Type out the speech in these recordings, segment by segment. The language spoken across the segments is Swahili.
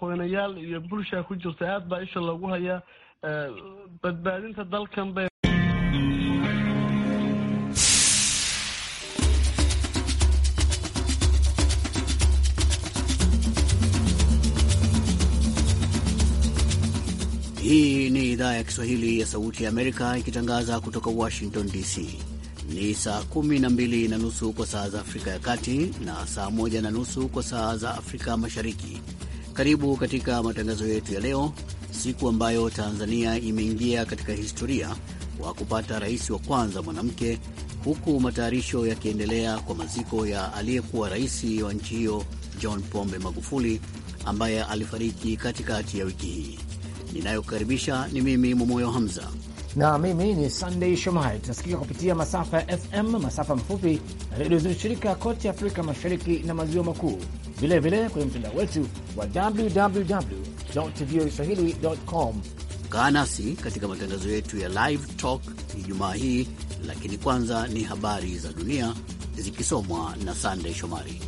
madaxweynayaal iyo bulshaa ku jirta aad baa isha loogu hayaa ee, badbaadinta dalkan bay Hii ni idhaa ya Kiswahili ya Sauti ya Amerika ikitangaza kutoka Washington DC. Ni saa kumi na mbili na nusu kwa saa za Afrika ya Kati na saa moja na nusu kwa saa za Afrika Mashariki karibu katika matangazo yetu ya leo, siku ambayo Tanzania imeingia katika historia kwa kupata rais wa kwanza mwanamke, huku matayarisho yakiendelea kwa maziko ya aliyekuwa rais wa nchi hiyo John Pombe Magufuli ambaye alifariki katikati ya wiki hii. ninayokaribisha ni mimi Mumoyo Hamza na mimi ni Sunday Shomari. Tunasikika kupitia masafa ya FM, masafa mafupi na redio zilizoshirika kote Afrika Mashariki na Maziwa Makuu vilevile kwenye mtandao wetu wa www.voaswahili.com. Kaa nasi katika matangazo yetu ya Live Talk Ijumaa hii, lakini kwanza ni habari za dunia zikisomwa na Sandey Shomari.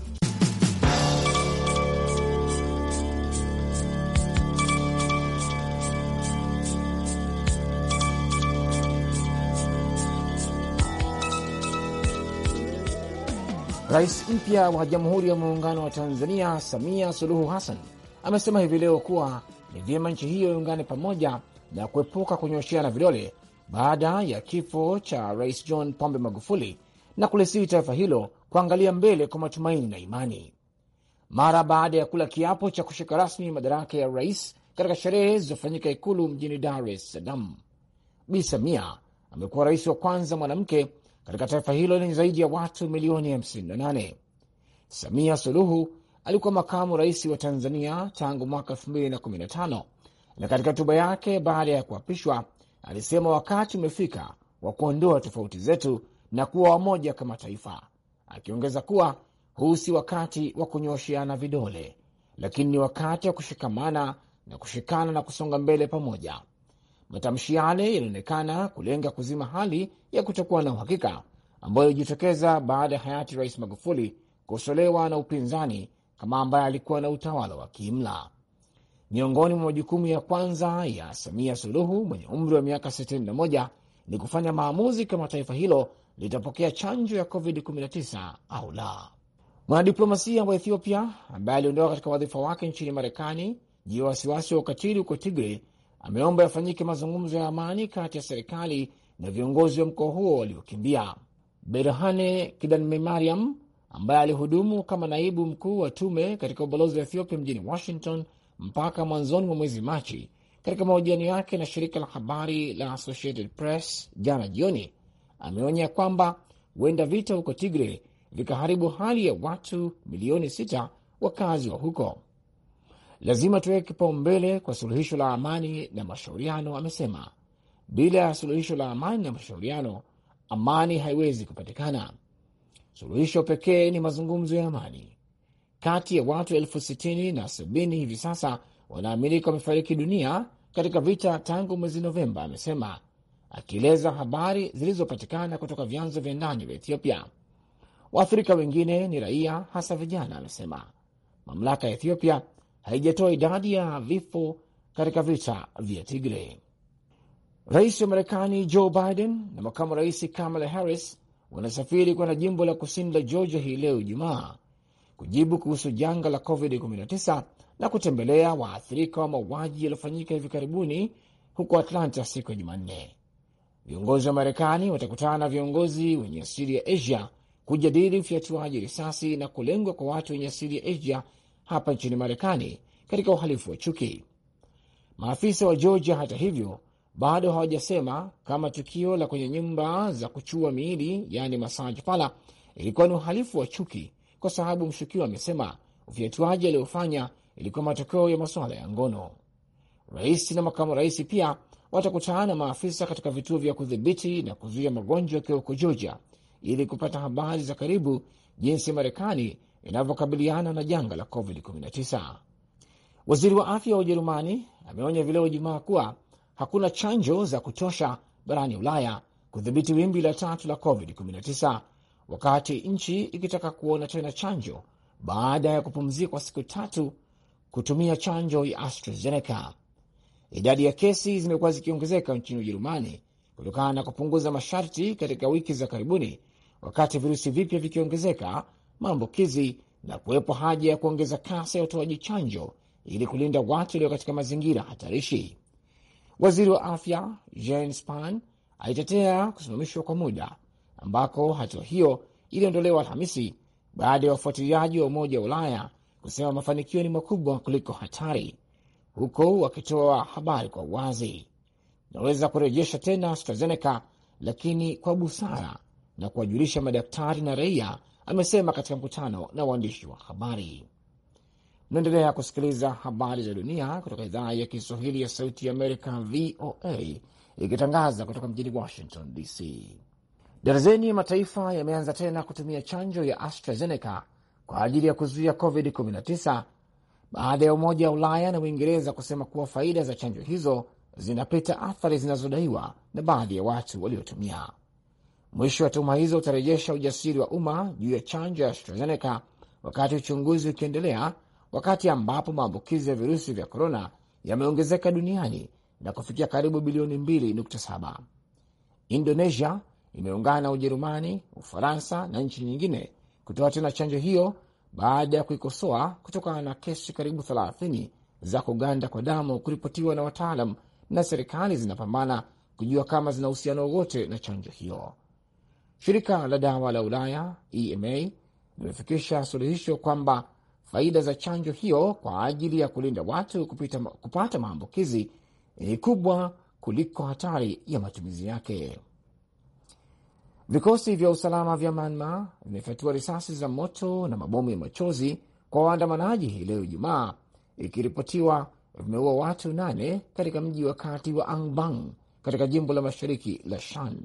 Rais mpya wa Jamhuri ya Muungano wa Tanzania Samia Suluhu Hassan amesema hivi leo kuwa ni vyema nchi hiyo iungane pamoja na kuepuka kunyosheana vidole baada ya kifo cha Rais John Pombe Magufuli na kulisihi taifa hilo kuangalia mbele kwa matumaini na imani. Mara baada ya kula kiapo cha kushika rasmi madaraka ya rais katika sherehe zilizofanyika Ikulu mjini Dar es Salaam, Bi Samia amekuwa rais wa kwanza mwanamke katika taifa hilo lenye zaidi ya watu milioni 58. Samia Suluhu alikuwa makamu rais wa Tanzania tangu mwaka 2015 na katika hotuba yake baada ya kuapishwa alisema wakati umefika wa kuondoa tofauti zetu na kuwa wamoja kama taifa, akiongeza kuwa huu si wakati wa kunyosheana vidole, lakini ni wakati wa kushikamana na kushikana na kusonga mbele pamoja. Matamshi yale yalionekana kulenga kuzima hali ya kutokuwa na uhakika ambayo ilijitokeza baada ya hayati Rais Magufuli kukosolewa na upinzani kama ambaye alikuwa na utawala wa kiimla. Miongoni mwa majukumu ya kwanza ya Samia Suluhu mwenye umri wa miaka 61 ni kufanya maamuzi kama taifa hilo litapokea chanjo ya COVID-19 au la. Mwanadiplomasia wa Ethiopia ambaye aliondoka katika wadhifa wake nchini Marekani juu ya wasiwasi wa ukatili huko Tigre ameomba yafanyike mazungumzo ya amani kati ya serikali na viongozi wa mkoa huo waliokimbia. Berhane Kidanmemariam ambaye alihudumu kama naibu mkuu wa tume katika ubalozi wa Ethiopia mjini Washington mpaka mwanzoni mwa mwezi Machi, katika mahojiano yake na shirika la habari la Associated Press jana jioni, ameonya kwamba huenda vita huko Tigre vikaharibu hali ya watu milioni sita wakazi wa huko. Lazima tuweke kipaumbele kwa suluhisho la amani na mashauriano, amesema. Bila ya suluhisho la amani na mashauriano, amani haiwezi kupatikana. Suluhisho pekee ni mazungumzo ya amani. Kati ya watu elfu sitini na sabini hivi sasa wanaaminika wamefariki dunia katika vita tangu mwezi Novemba, amesema, akieleza habari zilizopatikana kutoka vyanzo vya ndani vya Ethiopia. Waathirika wengine ni raia, hasa vijana, amesema. Mamlaka ya Ethiopia haijatoa idadi ya vifo katika vita vya Tigre. Rais wa Marekani Joe Biden na makamu rais Kamala Harris wanasafiri kwenda jimbo la kusini la Georgia hii leo Ijumaa kujibu kuhusu janga la COVID-19 na kutembelea waathirika wa mauaji yaliyofanyika hivi karibuni huko Atlanta siku ya Jumanne. Viongozi wa Marekani watakutana na viongozi wenye asili ya Asia kujadili ufyatuaji risasi na kulengwa kwa watu wenye asili ya Asia hapa nchini Marekani katika uhalifu wa chuki. Maafisa wa Georgia, hata hivyo, bado hawajasema kama tukio la kwenye nyumba za kuchua miili, yaani masaji pala, ilikuwa ni uhalifu wa chuki, kwa sababu mshukiwa amesema ufyatuaji aliyofanya ilikuwa matokeo ya masuala ya ngono. Rais na makamu rais pia watakutana na maafisa katika vituo vya kudhibiti na kuzuia magonjwa yakiwa huko Georgia ili kupata habari za karibu jinsi Marekani inavyokabiliana na janga la COVID-19. Waziri wa afya wa Ujerumani ameonya vileo Ijumaa kuwa hakuna chanjo za kutosha barani Ulaya kudhibiti wimbi la tatu la COVID-19, wakati nchi ikitaka kuona tena chanjo baada ya kupumzika kwa siku tatu kutumia chanjo ya AstraZeneca. Idadi ya kesi zimekuwa zikiongezeka nchini Ujerumani kutokana na kupunguza masharti katika wiki za karibuni, wakati virusi vipya vikiongezeka maambukizi na kuwepo haja ya kuongeza kasi ya utoaji chanjo ili kulinda watu walio katika mazingira hatarishi. Waziri wa afya Jane Span alitetea kusimamishwa kwa muda ambako hatua hiyo iliondolewa Alhamisi baada ya wafuatiliaji wa Umoja wa Ulaya kusema mafanikio ni makubwa kuliko hatari, huku wakitoa habari kwa uwazi: naweza kurejesha tena AstraZeneca, lakini kwa busara na kuwajulisha madaktari na raia, amesema katika mkutano na waandishi wa habari. Mnaendelea kusikiliza habari za dunia kutoka idhaa ya Kiswahili ya Sauti ya Amerika, VOA, ikitangaza kutoka mjini Washington DC. Darazeni ya mataifa yameanza tena kutumia chanjo ya AstraZeneca kwa ajili ya kuzuia COVID-19 baada ya Umoja wa Ulaya na Uingereza kusema kuwa faida za chanjo hizo zinapita athari zinazodaiwa na baadhi ya watu waliotumia. Mwisho wa tuhuma hizo utarejesha ujasiri wa umma juu ya chanjo ya AstraZeneca wakati uchunguzi ukiendelea, wakati ambapo maambukizi ya virusi vya korona yameongezeka duniani na kufikia karibu bilioni 2.7. Indonesia imeungana na Ujerumani, Ufaransa na nchi nyingine kutoa tena chanjo hiyo baada ya kuikosoa kutokana na kesi karibu 30 za kuganda kwa damu kuripotiwa na wataalam, na serikali zinapambana kujua kama zina uhusiano wowote na chanjo hiyo. Shirika la dawa la Ulaya EMA limefikisha suluhisho kwamba faida za chanjo hiyo kwa ajili ya kulinda watu kupita, kupata maambukizi ni kubwa kuliko hatari ya matumizi yake. Vikosi vya usalama vya Myanmar vimefyatua risasi za moto na mabomu ya machozi kwa waandamanaji hii leo Ijumaa, ikiripotiwa vimeua watu nane katika mji wa kati wa Angbang katika jimbo la mashariki la Shan.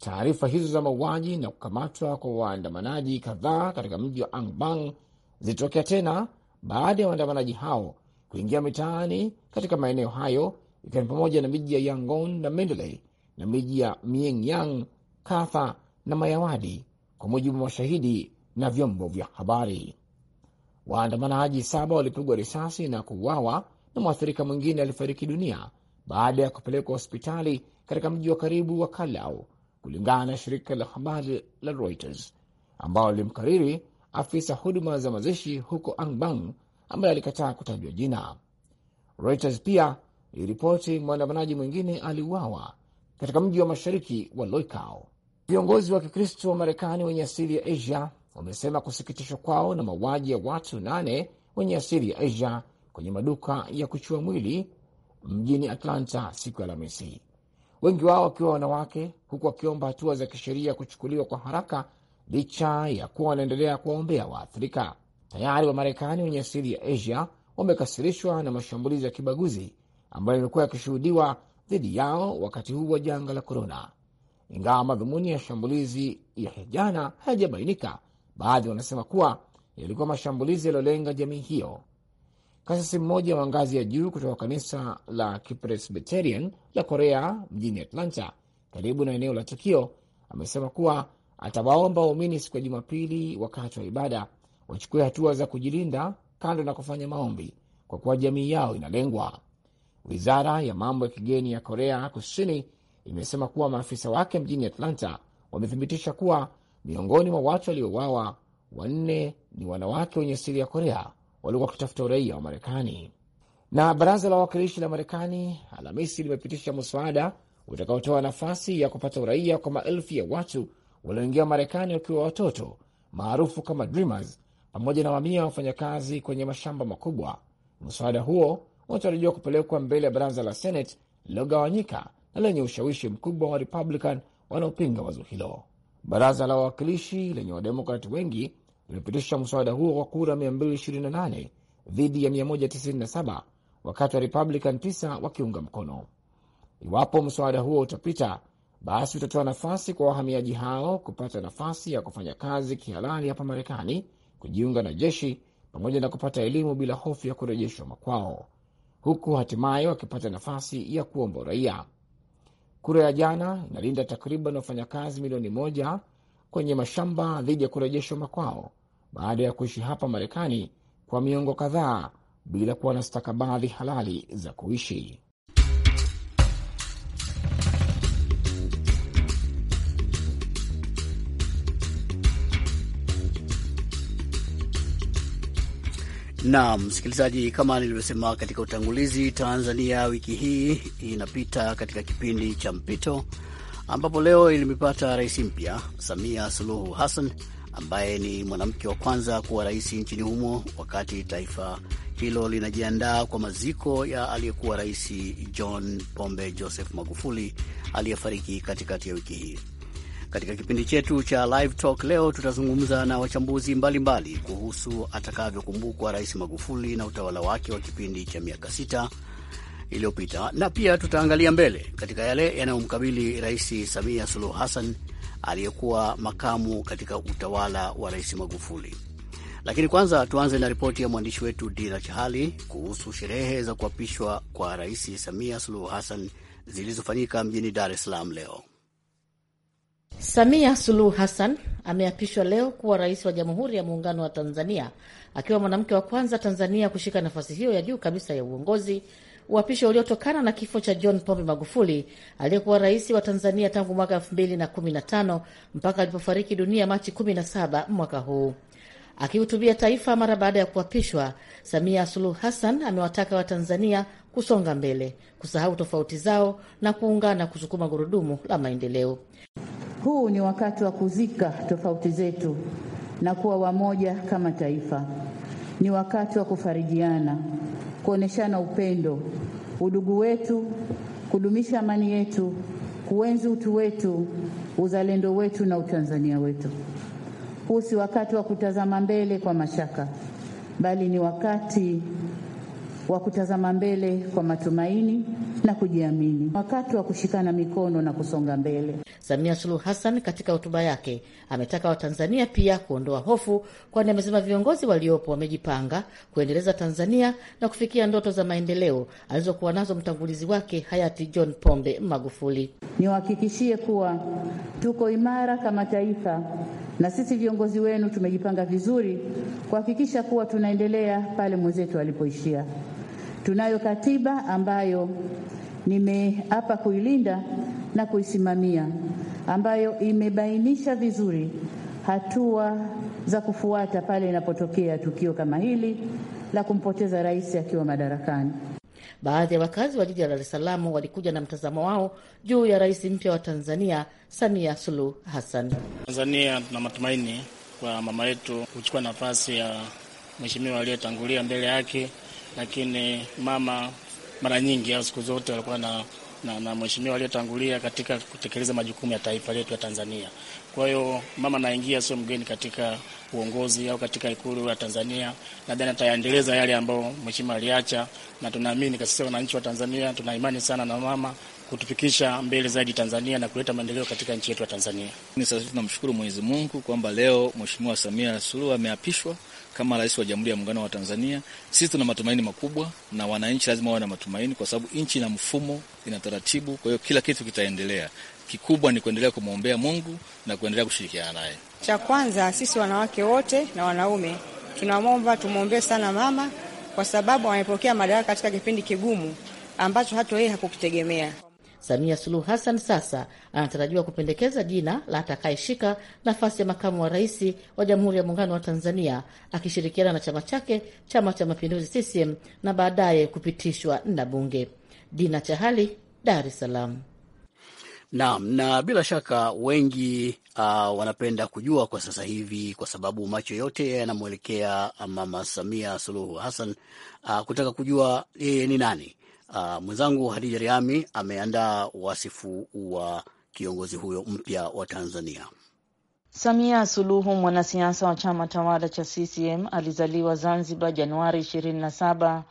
Taarifa hizo za mauaji na kukamatwa kwa waandamanaji kadhaa katika mji wa Angbang zilitokea tena baada ya waandamanaji hao kuingia mitaani katika maeneo hayo ikiwa ni pamoja na miji ya Yangon na Mendeley na miji ya Mienyang, Katha na Mayawadi, kwa mujibu wa mashahidi na vyombo vya habari. Waandamanaji saba walipigwa risasi na kuuawa na mwathirika mwingine alifariki dunia baada ya kupelekwa hospitali katika mji wa karibu wa Kalau kulingana na shirika la habari la Reuters ambao limkariri afisa huduma za mazishi huko Angbang ambaye alikataa kutajwa jina. Reuters pia iliripoti mwandamanaji mwingine aliuawa katika mji wa mashariki wa Loikao. Viongozi wa Kikristo wa Marekani wenye asili ya Asia wamesema kusikitishwa kwao na mauaji ya watu nane wenye asili ya Asia kwenye maduka ya kuchua mwili mjini Atlanta siku ya Alhamisi wengi wao wakiwa wanawake, huku wakiomba hatua za kisheria kuchukuliwa kwa haraka, licha ya kuwa wanaendelea kuwaombea waathirika. Tayari Wamarekani wenye asili ya Asia wamekasirishwa na mashambulizi ya kibaguzi ambayo yamekuwa yakishuhudiwa dhidi yao wakati huu wa janga la korona. Ingawa madhumuni ya shambulizi ya jana hayajabainika, baadhi wanasema kuwa yalikuwa mashambulizi yaliyolenga jamii hiyo. Kasisi mmoja wa ngazi ya juu kutoka kanisa la Kipresbiterian la Korea mjini Atlanta, karibu na eneo la tukio, amesema kuwa atawaomba waumini siku ya Jumapili wakati wa ibada wachukue hatua za kujilinda kando na kufanya maombi, kwa kuwa jamii yao inalengwa. Wizara ya mambo ya kigeni ya Korea Kusini imesema kuwa maafisa wake mjini Atlanta wamethibitisha kuwa miongoni mwa watu waliouawa wanne ni wanawake wenye asili ya Korea waliokuwa wakitafuta uraia wa Marekani. Na baraza la wawakilishi la Marekani Alhamisi limepitisha mswada utakaotoa nafasi ya kupata uraia kwa maelfu ya watu walioingia Marekani wakiwa watoto maarufu kama Dreamers, pamoja na mamia ya wafanyakazi kwenye mashamba makubwa. Mswada huo unatarajiwa kupelekwa mbele ya baraza la Senate lililogawanyika na lenye ushawishi mkubwa wa Republican wanaopinga wazo hilo. Baraza la wawakilishi lenye Wademokrati wengi ulipitisha mswada huo kwa kura 228 dhidi ya 197, wakati wa Republican 9 wakiunga mkono. Iwapo mswada huo utapita, basi utatoa nafasi kwa wahamiaji hao kupata nafasi ya kufanya kazi kihalali hapa Marekani, kujiunga na jeshi pamoja na kupata elimu bila hofu ya kurejeshwa makwao, huku hatimaye wakipata nafasi ya kuomba uraia. Kura ya jana inalinda takriban wafanyakazi milioni moja kwenye mashamba dhidi ya kurejeshwa makwao baada ya kuishi hapa Marekani kwa miongo kadhaa bila kuwa na stakabadhi halali za kuishi. Na msikilizaji, kama nilivyosema katika utangulizi, Tanzania wiki hii inapita katika kipindi cha mpito ambapo leo ilimepata rais mpya Samia Suluhu Hassan ambaye ni mwanamke wa kwanza kuwa rais nchini humo, wakati taifa hilo linajiandaa kwa maziko ya aliyekuwa rais John Pombe Joseph Magufuli aliyefariki katikati ya wiki hii. Katika kipindi chetu cha Live Talk leo tutazungumza na wachambuzi mbalimbali mbali kuhusu atakavyokumbukwa Rais Magufuli na utawala wake wa kipindi cha miaka sita iliyopita, na pia tutaangalia mbele katika yale yanayomkabili Rais Samia Suluhu Hassan aliyekuwa makamu katika utawala wa Rais Magufuli. Lakini kwanza tuanze na ripoti ya mwandishi wetu Dina Chahali kuhusu sherehe za kuapishwa kwa Rais Samia Suluhu Hassan zilizofanyika mjini Dar es Salaam leo. Samia Suluhu Hassan ameapishwa leo kuwa rais wa Jamhuri ya Muungano wa Tanzania, akiwa mwanamke wa kwanza Tanzania kushika nafasi hiyo ya juu kabisa ya uongozi uapisho uliotokana na kifo cha John Pombe Magufuli aliyekuwa rais wa Tanzania tangu mwaka 2015 mpaka alipofariki dunia Machi 17 mwaka huu. Akihutubia taifa mara baada ya kuapishwa, Samia Suluhu Hassan amewataka Watanzania kusonga mbele, kusahau tofauti zao na kuungana kusukuma gurudumu la maendeleo. Huu ni wakati wa kuzika tofauti zetu na kuwa wamoja kama taifa. Ni wakati wa kufarijiana kuonyeshana upendo, udugu wetu, kudumisha amani yetu, kuenzi utu wetu, uzalendo wetu na utanzania wetu. Huu si wakati wa kutazama mbele kwa mashaka, bali ni wakati wa kutazama mbele kwa matumaini na kujiamini, wakati wa kushikana mikono na kusonga mbele. Samia Suluhu Hassan katika hotuba yake ametaka Watanzania pia kuondoa hofu, kwani amesema viongozi waliopo wamejipanga kuendeleza Tanzania na kufikia ndoto za maendeleo alizokuwa nazo mtangulizi wake hayati John Pombe Magufuli. Niwahakikishie kuwa tuko imara kama taifa na sisi viongozi wenu tumejipanga vizuri kuhakikisha kuwa tunaendelea pale mwenzetu alipoishia. Tunayo katiba ambayo nimeapa kuilinda na kuisimamia, ambayo imebainisha vizuri hatua za kufuata pale inapotokea tukio kama hili la kumpoteza rais akiwa madarakani. Baadhi ya wakazi wa jiji la Dar es Salaam walikuja na mtazamo wao juu ya rais mpya wa Tanzania, Samia Suluhu Hassan. Tanzania tuna matumaini kwa mama yetu kuchukua nafasi ya mheshimiwa aliyetangulia mbele yake lakini mama mara nyingi au siku zote walikuwa na, na, na mheshimiwa aliyotangulia katika kutekeleza majukumu ya taifa letu ya Tanzania. Kwa hiyo mama naingia sio mgeni katika uongozi au katika ikulu ya Tanzania. Nadhani atayaendeleza yale ambayo mheshimiwa aliacha, na tunaamini kasisi wananchi wa Tanzania tuna imani sana na mama kutufikisha mbele zaidi Tanzania na kuleta maendeleo katika nchi yetu ya Tanzania. Sasa tunamshukuru Mwenyezi Mungu kwamba leo Mheshimiwa Samia Suluhu ameapishwa kama rais wa Jamhuri ya Muungano wa Tanzania, sisi tuna matumaini makubwa, na wananchi lazima wawe na matumaini, kwa sababu nchi ina mfumo, ina taratibu. Kwa hiyo kila kitu kitaendelea. Kikubwa ni kuendelea kumwombea Mungu na kuendelea kushirikiana naye. Cha kwanza sisi wanawake wote na wanaume tunamwomba, tumwombee sana mama, kwa sababu amepokea madaraka katika kipindi kigumu ambacho hata yeye hakukitegemea. Samia Suluhu Hassan sasa anatarajiwa kupendekeza jina la atakayeshika nafasi ya makamu wa rais wa Jamhuri ya Muungano wa Tanzania akishirikiana na chama chake, Chama cha Mapinduzi CCM, na baadaye kupitishwa na Bunge. Dina Chahali, Dar es Salaam. Naam, na bila shaka wengi uh, wanapenda kujua kwa sasa hivi, kwa sababu macho yote yanamwelekea Mama Samia Suluhu Hassan uh, kutaka kujua yeye eh, ni nani Uh, mwenzangu Hadija Riami ameandaa wasifu wa kiongozi huyo mpya wa Tanzania. Samia Suluhu, mwanasiasa wa chama tawala cha CCM, alizaliwa Zanzibar Januari 27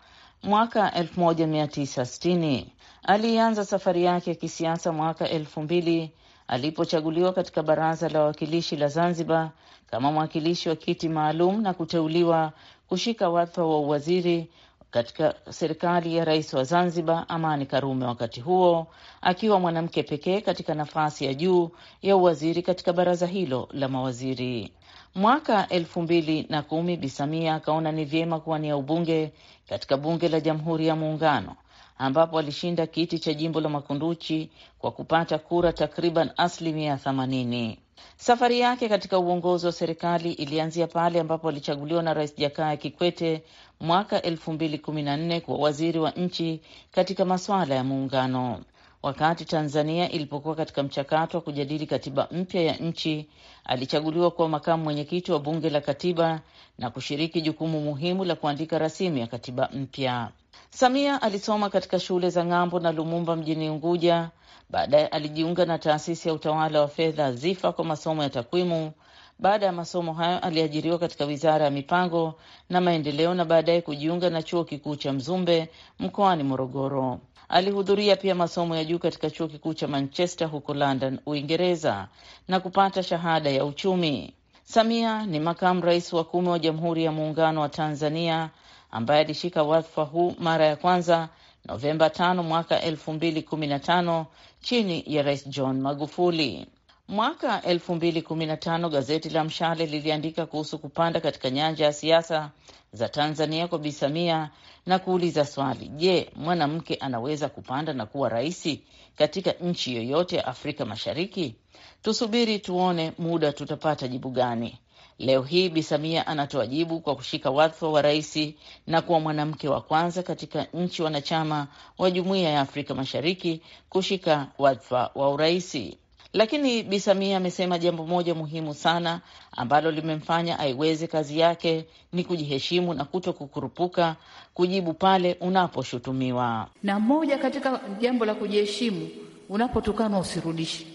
mwaka 1960. Alianza safari yake ya kisiasa mwaka 2000 alipochaguliwa katika baraza la wawakilishi la Zanzibar kama mwakilishi wa kiti maalum na kuteuliwa kushika wadhifa wa uwaziri katika serikali ya rais wa Zanzibar Amani Karume, wakati huo akiwa mwanamke pekee katika nafasi ya juu ya uwaziri katika baraza hilo la mawaziri. Mwaka elfu mbili na kumi bisamia akaona ni vyema kuwania ubunge katika bunge la Jamhuri ya Muungano ambapo alishinda kiti cha jimbo la Makunduchi kwa kupata kura takriban asilimia themanini. Safari yake katika uongozi wa serikali ilianzia pale ambapo alichaguliwa na Rais Jakaya Kikwete mwaka elfu mbili kumi na nne kuwa waziri wa nchi katika masuala ya muungano. Wakati Tanzania ilipokuwa katika mchakato wa kujadili katiba mpya ya nchi, alichaguliwa kuwa makamu mwenyekiti wa Bunge la Katiba na kushiriki jukumu muhimu la kuandika rasimu ya katiba mpya. Samia alisoma katika shule za ng'ambo na Lumumba mjini Unguja. Baadaye alijiunga na taasisi ya utawala wa fedha ZIFA kwa masomo ya takwimu. Baada ya masomo hayo aliajiriwa katika wizara ya mipango na maendeleo na baadaye kujiunga na chuo kikuu cha Mzumbe mkoani Morogoro. Alihudhuria pia masomo ya juu katika chuo kikuu cha Manchester huko London, Uingereza, na kupata shahada ya uchumi. Samia ni makamu rais wa kumi wa Jamhuri ya Muungano wa Tanzania ambaye alishika wadhifa huu mara ya kwanza Novemba 5 mwaka 2015 chini ya Rais John Magufuli. Mwaka 2015 gazeti la Mshale liliandika kuhusu kupanda katika nyanja ya siasa za Tanzania kwa Bi Samia na kuuliza swali, je, mwanamke anaweza kupanda na kuwa raisi katika nchi yoyote ya Afrika Mashariki? Tusubiri tuone muda tutapata jibu gani. Leo hii Bi Samia anatoa jibu kwa kushika wadhifa wa rais na kuwa mwanamke wa kwanza katika nchi wanachama wa Jumuiya ya Afrika Mashariki kushika wadhifa wa uraisi. Lakini Bi Samia amesema jambo moja muhimu sana ambalo limemfanya aiweze kazi yake ni kujiheshimu na kuto kukurupuka kujibu pale unaposhutumiwa. Na moja katika jambo la kujiheshimu, unapotukanwa usirudishi,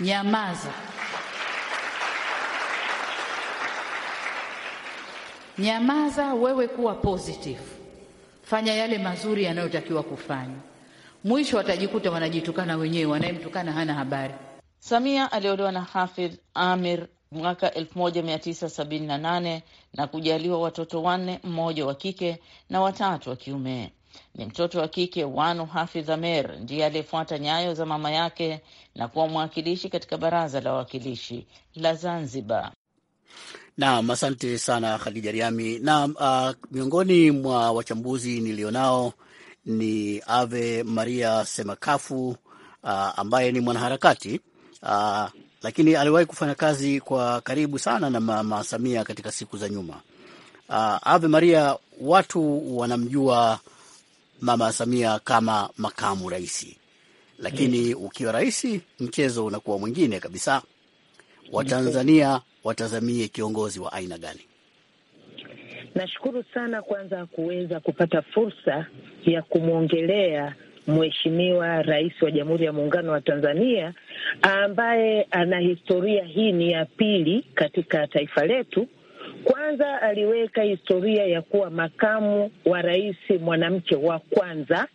nyamaza. Nyamaza wewe, kuwa positive, fanya yale mazuri yanayotakiwa kufanya. Mwisho watajikuta wanajitukana wenyewe, wanayemtukana hana habari. Samia aliolewa na Hafidh Amir mwaka 1978 na kujaliwa watoto wanne, mmoja wa kike na watatu wa kiume. Ni mtoto wa kike Wanu Hafidh Amer ndiye aliyefuata nyayo za mama yake na kuwa mwakilishi katika baraza la wawakilishi la Zanzibar. Naam, asante sana Khadija Riami. Naam, uh, miongoni mwa wachambuzi nilionao ni Ave Maria Semakafu uh, ambaye ni mwanaharakati uh, lakini aliwahi kufanya kazi kwa karibu sana na Mama Samia katika siku za nyuma. Uh, Ave Maria, watu wanamjua Mama Samia kama makamu raisi, lakini ukiwa raisi mchezo unakuwa mwingine kabisa. Watanzania watazamie kiongozi wa aina gani? Nashukuru sana kwanza kuweza kupata fursa ya kumwongelea Mheshimiwa Rais wa Jamhuri ya Muungano wa Tanzania ambaye ana historia hii ni ya pili katika taifa letu. Kwanza aliweka historia ya kuwa makamu wa rais mwanamke wa kwanza,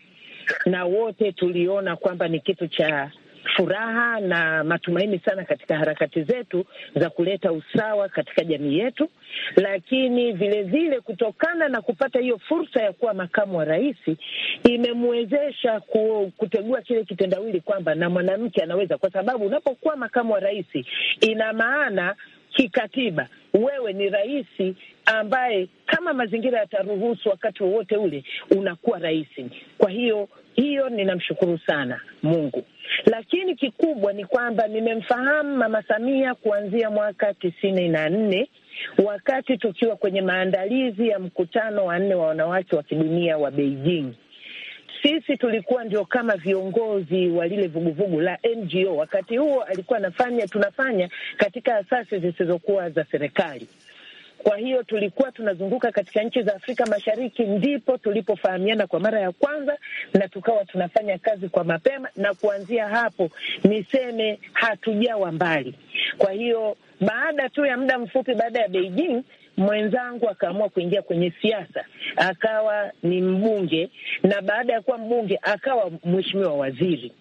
na wote tuliona kwamba ni kitu cha furaha na matumaini sana katika harakati zetu za kuleta usawa katika jamii yetu, lakini vilevile kutokana na kupata hiyo fursa ya kuwa makamu wa rais imemwezesha ku, kutegua kile kitendawili kwamba na mwanamke anaweza, kwa sababu unapokuwa makamu wa rais ina maana kikatiba wewe ni rais ambaye kama mazingira yataruhusu wakati wowote ule unakuwa rais. Kwa hiyo hiyo ninamshukuru sana Mungu, lakini kikubwa ni kwamba nimemfahamu Mama Samia kuanzia mwaka tisini na nne wakati tukiwa kwenye maandalizi ya mkutano wa nne wa wanawake wa kidunia wa Beijing sisi tulikuwa ndio kama viongozi wa lile vuguvugu la NGO wakati huo, alikuwa anafanya tunafanya katika asasi zisizokuwa za serikali. Kwa hiyo tulikuwa tunazunguka katika nchi za Afrika Mashariki, ndipo tulipofahamiana kwa mara ya kwanza na tukawa tunafanya kazi kwa mapema, na kuanzia hapo niseme hatujawa mbali. Kwa hiyo baada tu ya muda mfupi baada ya Beijing mwenzangu akaamua kuingia kwenye siasa, akawa ni mbunge, na baada ya kuwa mbunge akawa mheshimiwa waziri.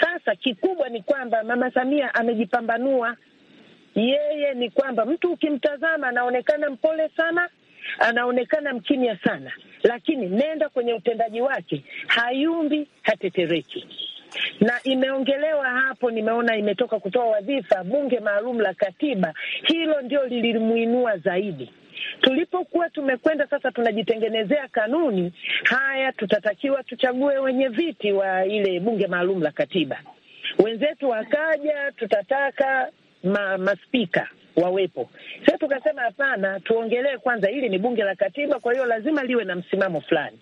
Sasa kikubwa ni kwamba Mama Samia amejipambanua yeye, ni kwamba mtu ukimtazama anaonekana mpole sana, anaonekana mkimya sana, lakini nenda kwenye utendaji wake, hayumbi, hatetereki na imeongelewa hapo, nimeona imetoka kutoa wadhifa bunge maalum la katiba. Hilo ndio lilimuinua zaidi. Tulipokuwa tumekwenda sasa, tunajitengenezea kanuni, haya tutatakiwa tuchague wenye viti wa ile bunge maalum la katiba. Wenzetu wakaja, tutataka ma, maspika wawepo. Sasa tukasema hapana, tuongelee kwanza, hili ni bunge la katiba, kwa hiyo lazima liwe na msimamo fulani.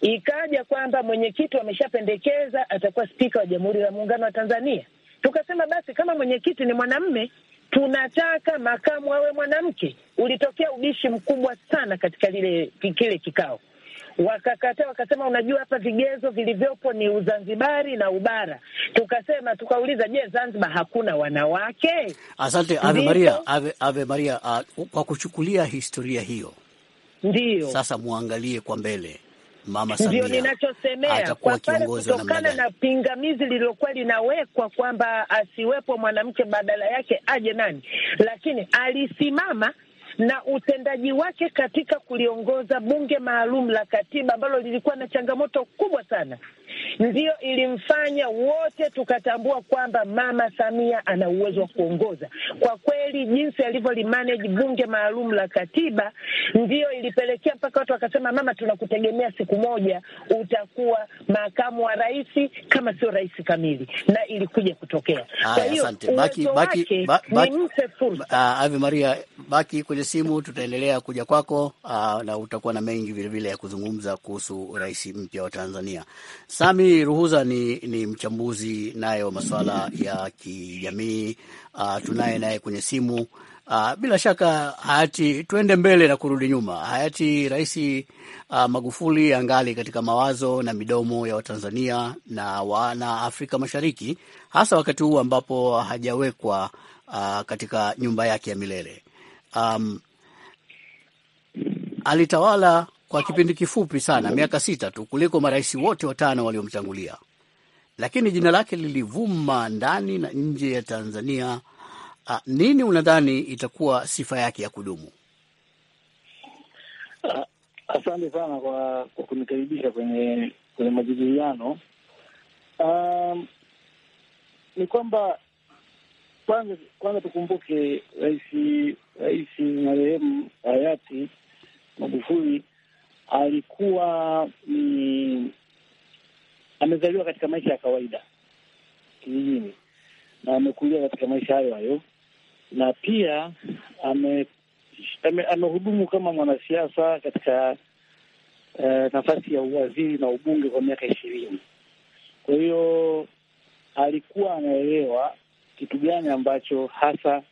Ikaja kwamba mwenyekiti ameshapendekeza atakuwa spika wa Jamhuri ya Muungano wa Tanzania. Tukasema basi kama mwenyekiti ni mwanamme, tunataka makamu awe mwanamke. Ulitokea ubishi mkubwa sana katika lile kile kikao, wakakataa wakasema, unajua hapa vigezo vilivyopo ni uzanzibari na ubara. Tukasema tukauliza, je, Zanzibar hakuna wanawake? Asante Ave Maria, Ave, Ave Maria. Uh, kwa kuchukulia historia hiyo, ndio sasa muangalie kwa mbele Mama Samia ndio ninachosemea kwa pale, kutokana na pingamizi lililokuwa linawekwa kwamba asiwepo mwanamke, badala yake aje nani, lakini alisimama na utendaji wake katika kuliongoza bunge maalum la katiba ambalo lilikuwa na changamoto kubwa sana ndiyo ilimfanya wote tukatambua kwamba Mama Samia ana uwezo wa kuongoza. Kwa kweli, jinsi alivyolimanage bunge maalum la katiba ndiyo ilipelekea mpaka watu wakasema, mama, tunakutegemea siku moja utakuwa makamu wa rais, kama sio rais kamili, na ilikuja kutokea. Kwa hiyo uwezo wake ni mpe fursa. Ah, Ave Maria, baki kwenye simu, tutaendelea kuja kwako. Aa, ah, na utakuwa na mengi vilevile ya kuzungumza kuhusu rais mpya wa Tanzania Sa Nami Ruhuza ni, ni mchambuzi naye wa masuala ya kijamii uh, tunaye naye kwenye simu uh, bila shaka hayati, tuende mbele na kurudi nyuma. Hayati Rais uh, Magufuli angali katika mawazo na midomo ya Watanzania na wana Afrika Mashariki, hasa wakati huu ambapo hajawekwa uh, katika nyumba yake ya milele um, alitawala kwa kipindi kifupi sana, miaka sita tu, kuliko marais wote watano waliomtangulia, lakini jina lake lilivuma ndani na nje ya Tanzania. A, ah, nini unadhani itakuwa sifa yake ya kudumu? Ah, asante sana kwa, kwa kunikaribisha kwenye kwenye majadiliano. Um, ni kwamba kwanza kwanza tukumbuke rais rais marehemu hayati Magufuli alikuwa mm, amezaliwa katika maisha ya kawaida kijijini na amekulia katika maisha hayo hayo, na pia ame, ame, amehudumu kama mwanasiasa katika eh, nafasi ya uwaziri na ubunge kwa miaka ishirini. Kwa hiyo alikuwa anaelewa kitu gani ambacho hasa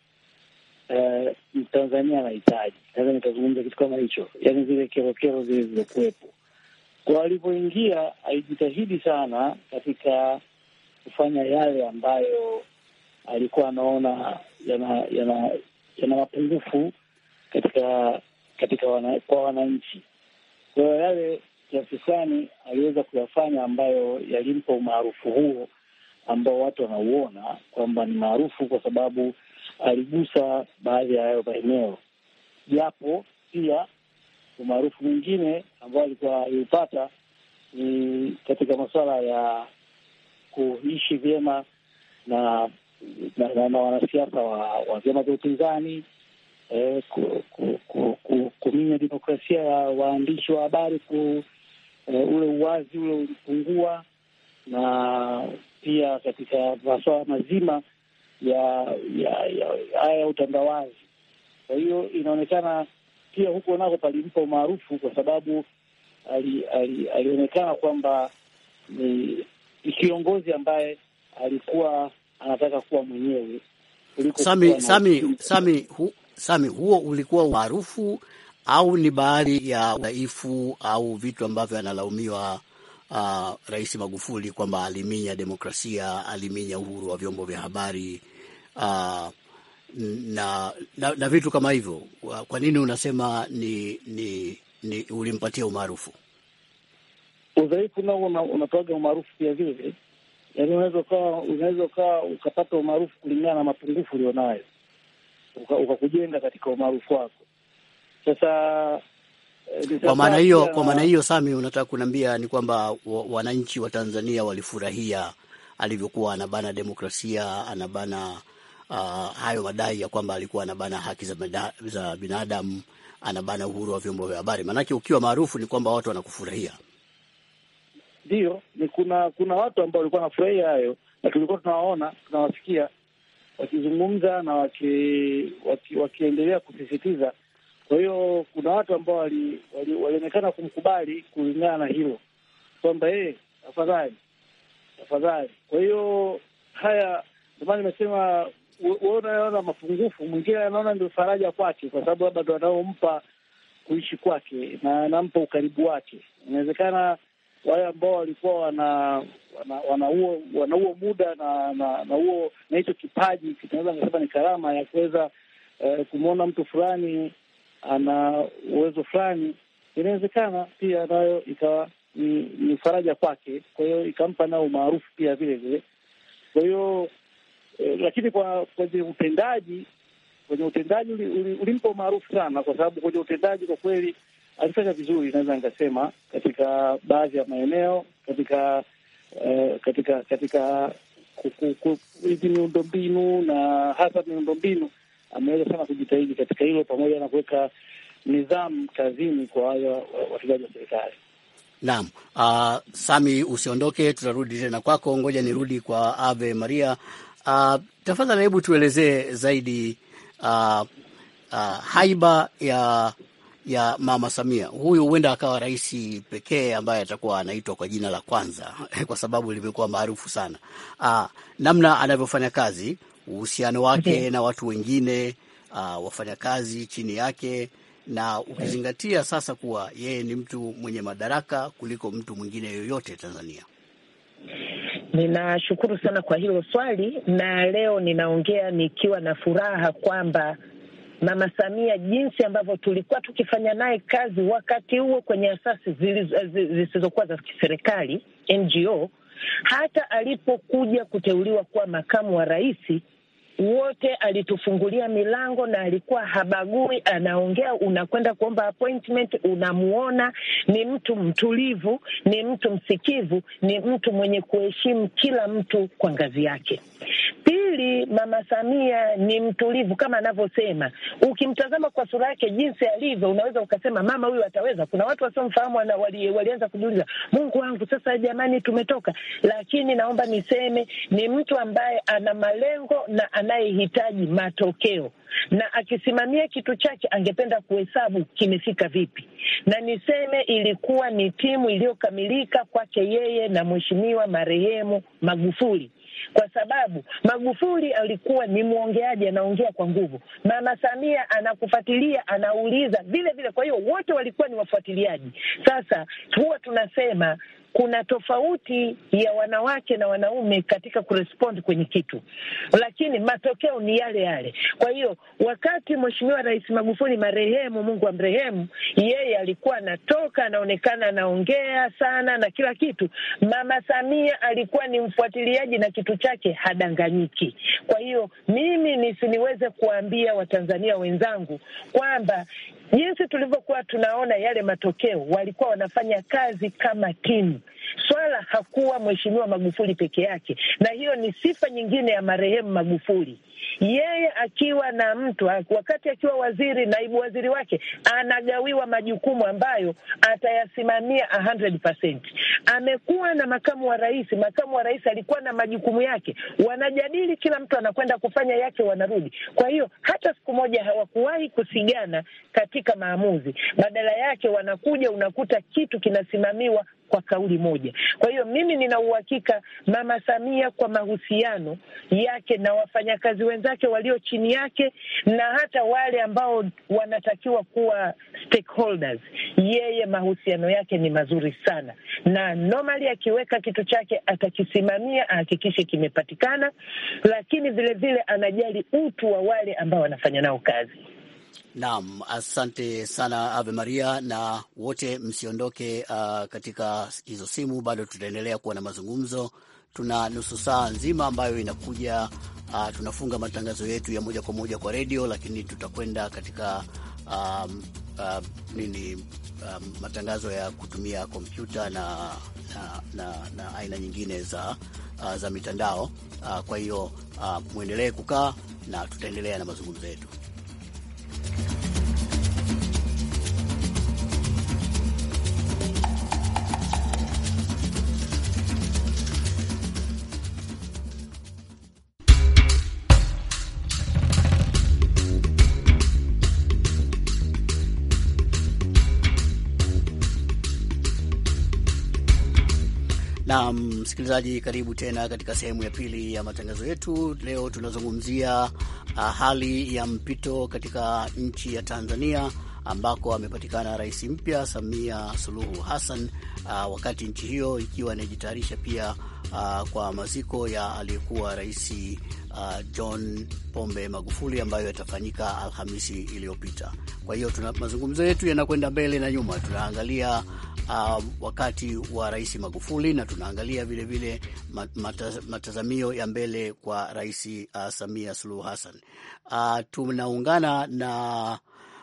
Eh, Mtanzania anahitaji. Sasa nitazungumza kitu kama hicho, yaani zile kerokero zile zilizokuwepo kwa alivyoingia, alijitahidi sana katika kufanya yale ambayo alikuwa anaona yana yana yana mapungufu katika katika wana, kwa wananchi. Kwa hiyo yale kiasi fulani aliweza kuyafanya ambayo yalimpa umaarufu huo ambao watu wanauona kwamba ni maarufu, kwa sababu aligusa baadhi ya hayo maeneo, japo pia umaarufu mwingine ambao alikuwa aliupata ni katika masuala ya kuishi vyema na na, na, na wanasiasa wa vyama vya upinzani eh, ku, ku, ku, ku, kuminya demokrasia ya waandishi wa habari ku eh, ule uwazi ule ulipungua, na pia katika masuala mazima ya haya ya utandawazi. Kwa hiyo inaonekana pia huko nako palimpa umaarufu, kwa sababu alionekana ali, ali kwamba ni kiongozi ambaye alikuwa anataka kuwa mwenyewe. Sami, Sami, Sami, hu, Sami, huo ulikuwa umaarufu au ni baadhi ya udhaifu au vitu ambavyo analaumiwa uh, Rais Magufuli kwamba aliminya demokrasia, aliminya uhuru wa vyombo vya habari uh, na, na, na vitu kama hivyo. Kwa nini unasema ni, ni, ni ulimpatia umaarufu? Udhaifu nao unatoaga umaarufu pia vile vile, yaani unaweza ukawa ukapata umaarufu kulingana na mapungufu ulionayo ukakujenga uka katika umaarufu wako sasa Eh, kwa maana hiyo, kwa maana hiyo Sami, unataka kuniambia ni kwamba wananchi wa Tanzania walifurahia alivyokuwa anabana demokrasia, anabana uh, hayo madai ya kwamba alikuwa anabana haki za, za binadamu, anabana uhuru wa vyombo vya habari. Maanake ukiwa maarufu ni kwamba watu wanakufurahia. Ndio, ni kuna kuna watu ambao walikuwa wanafurahia hayo, na tulikuwa tunawaona tunawasikia wakizungumza na waki, waki, wakiendelea kusisitiza kwa hiyo kuna watu ambao walionekana wali, kumkubali kulingana na hilo kwamba yeye eh, afadhali afadhali. Kwa hiyo haya ndio maana nimesema wewe mapungufu, mwingine anaona ndio faraja kwake, kwa sababu labda ndo anaompa kuishi kwake na anampa ukaribu wake. Inawezekana wale ambao walikuwa wana wana huo wana huo muda na na na huo na hicho kipaji, tunaweza nikasema ni karama ya kuweza eh, kumwona mtu fulani ana uwezo fulani, inawezekana pia nayo ikawa ni, ni faraja kwake, kwa hiyo ikampa nao umaarufu pia vile vile. Kwa hiyo eh, lakini kwa kwenye utendaji kwenye utendaji ulimpa umaarufu sana, kwa sababu kwenye utendaji kwa kweli alifanya vizuri, naweza nikasema katika baadhi ya maeneo katika eh, katika katika hizi miundombinu na hasa miundombinu ameweza sana kujitahidi katika hilo, pamoja na kuweka nidhamu kazini kwa wale watendaji wa serikali. Naam, uh, Sami, usiondoke, tutarudi tena kwako. Ngoja nirudi kwa Ave Maria. Uh, tafadhali hebu tuelezee zaidi uh, uh, haiba ya ya Mama Samia. Huyu huenda akawa rais pekee ambaye atakuwa anaitwa kwa jina la kwanza kwa sababu limekuwa maarufu sana. Aa, namna anavyofanya kazi uhusiano wake okay, na watu wengine uh, wafanyakazi chini yake na ukizingatia sasa kuwa yeye ni mtu mwenye madaraka kuliko mtu mwingine yoyote Tanzania. Ninashukuru sana kwa hilo swali, na leo ninaongea nikiwa na furaha kwamba Mama Samia, jinsi ambavyo tulikuwa tukifanya naye kazi wakati huo kwenye asasi zisizokuwa za kiserikali NGO, hata alipokuja kuteuliwa kuwa makamu wa rais wote alitufungulia milango na alikuwa habagui, anaongea, unakwenda kuomba appointment, unamuona. Ni mtu mtulivu, ni mtu msikivu, ni mtu mwenye kuheshimu kila mtu kwa ngazi yake. Pili, Mama Samia ni mtulivu kama anavyosema. Ukimtazama kwa sura yake jinsi alivyo, unaweza ukasema mama huyu ataweza. Kuna watu wasiomfahamu wali, walianza kujiuliza, Mungu wangu, sasa jamani, tumetoka. Lakini naomba niseme ni mtu ambaye ana malengo na ana anayehitaji matokeo, na akisimamia kitu chake angependa kuhesabu kimefika vipi. Na niseme ilikuwa ni timu iliyokamilika kwake yeye na mheshimiwa marehemu Magufuli kwa sababu Magufuli alikuwa ni mwongeaji, anaongea kwa nguvu. Mama Samia anakufuatilia, anauliza vile vile. Kwa hiyo wote walikuwa ni wafuatiliaji. Sasa huwa tunasema kuna tofauti ya wanawake na wanaume katika kurespond kwenye kitu, lakini matokeo ni yale yale. Kwa hiyo wakati Mheshimiwa Rais Magufuli marehemu, Mungu amrehemu, yeye alikuwa anatoka anaonekana anaongea sana na kila kitu, Mama Samia alikuwa ni mfuatiliaji na kitu chake hadanganyiki. Kwa hiyo mimi nisiniweze kuwaambia Watanzania wenzangu kwamba jinsi tulivyokuwa tunaona yale matokeo, walikuwa wanafanya kazi kama timu. Swala hakuwa Mheshimiwa Magufuli peke yake, na hiyo ni sifa nyingine ya marehemu Magufuli yeye akiwa na mtu, wakati akiwa waziri, naibu waziri wake anagawiwa majukumu ambayo atayasimamia 100%. Amekuwa na makamu wa rais, makamu wa rais alikuwa na majukumu yake, wanajadili, kila mtu anakwenda kufanya yake, wanarudi. Kwa hiyo hata siku moja hawakuwahi kusigana katika maamuzi, badala yake wanakuja, unakuta kitu kinasimamiwa kwa kauli moja. Kwa hiyo mimi nina uhakika Mama Samia kwa mahusiano yake na wafanyakazi wenzake walio chini yake na hata wale ambao wanatakiwa kuwa stakeholders, yeye mahusiano yake ni mazuri sana, na normally akiweka kitu chake atakisimamia, ahakikishe kimepatikana, lakini vilevile vile anajali utu wa wale ambao anafanya nao kazi. Naam, asante sana Ave Maria, na wote msiondoke uh, katika hizo simu, bado tutaendelea kuwa na mazungumzo. Tuna nusu saa nzima ambayo inakuja. Uh, tunafunga matangazo yetu ya moja kwa moja kwa redio, lakini tutakwenda katika um, uh, nini Uh, matangazo ya kutumia kompyuta na, na, na, na aina nyingine za, uh, za mitandao uh, kwa hiyo uh, mwendelee kukaa na tutaendelea na mazungumzo yetu. Na msikilizaji, karibu tena katika sehemu ya pili ya matangazo yetu. Leo tunazungumzia Uh, hali ya mpito katika nchi ya Tanzania ambako amepatikana rais mpya Samia Suluhu Hassan, uh, wakati nchi hiyo ikiwa inajitayarisha pia uh, kwa maziko ya aliyekuwa rais John Pombe Magufuli ambayo yatafanyika Alhamisi iliyopita. Kwa hiyo tuna mazungumzo yetu yanakwenda mbele na nyuma, tunaangalia um, wakati wa Rais Magufuli, na tunaangalia vilevile matazamio ya mbele kwa Rais uh, Samia Suluhu Hassan. Uh, tunaungana na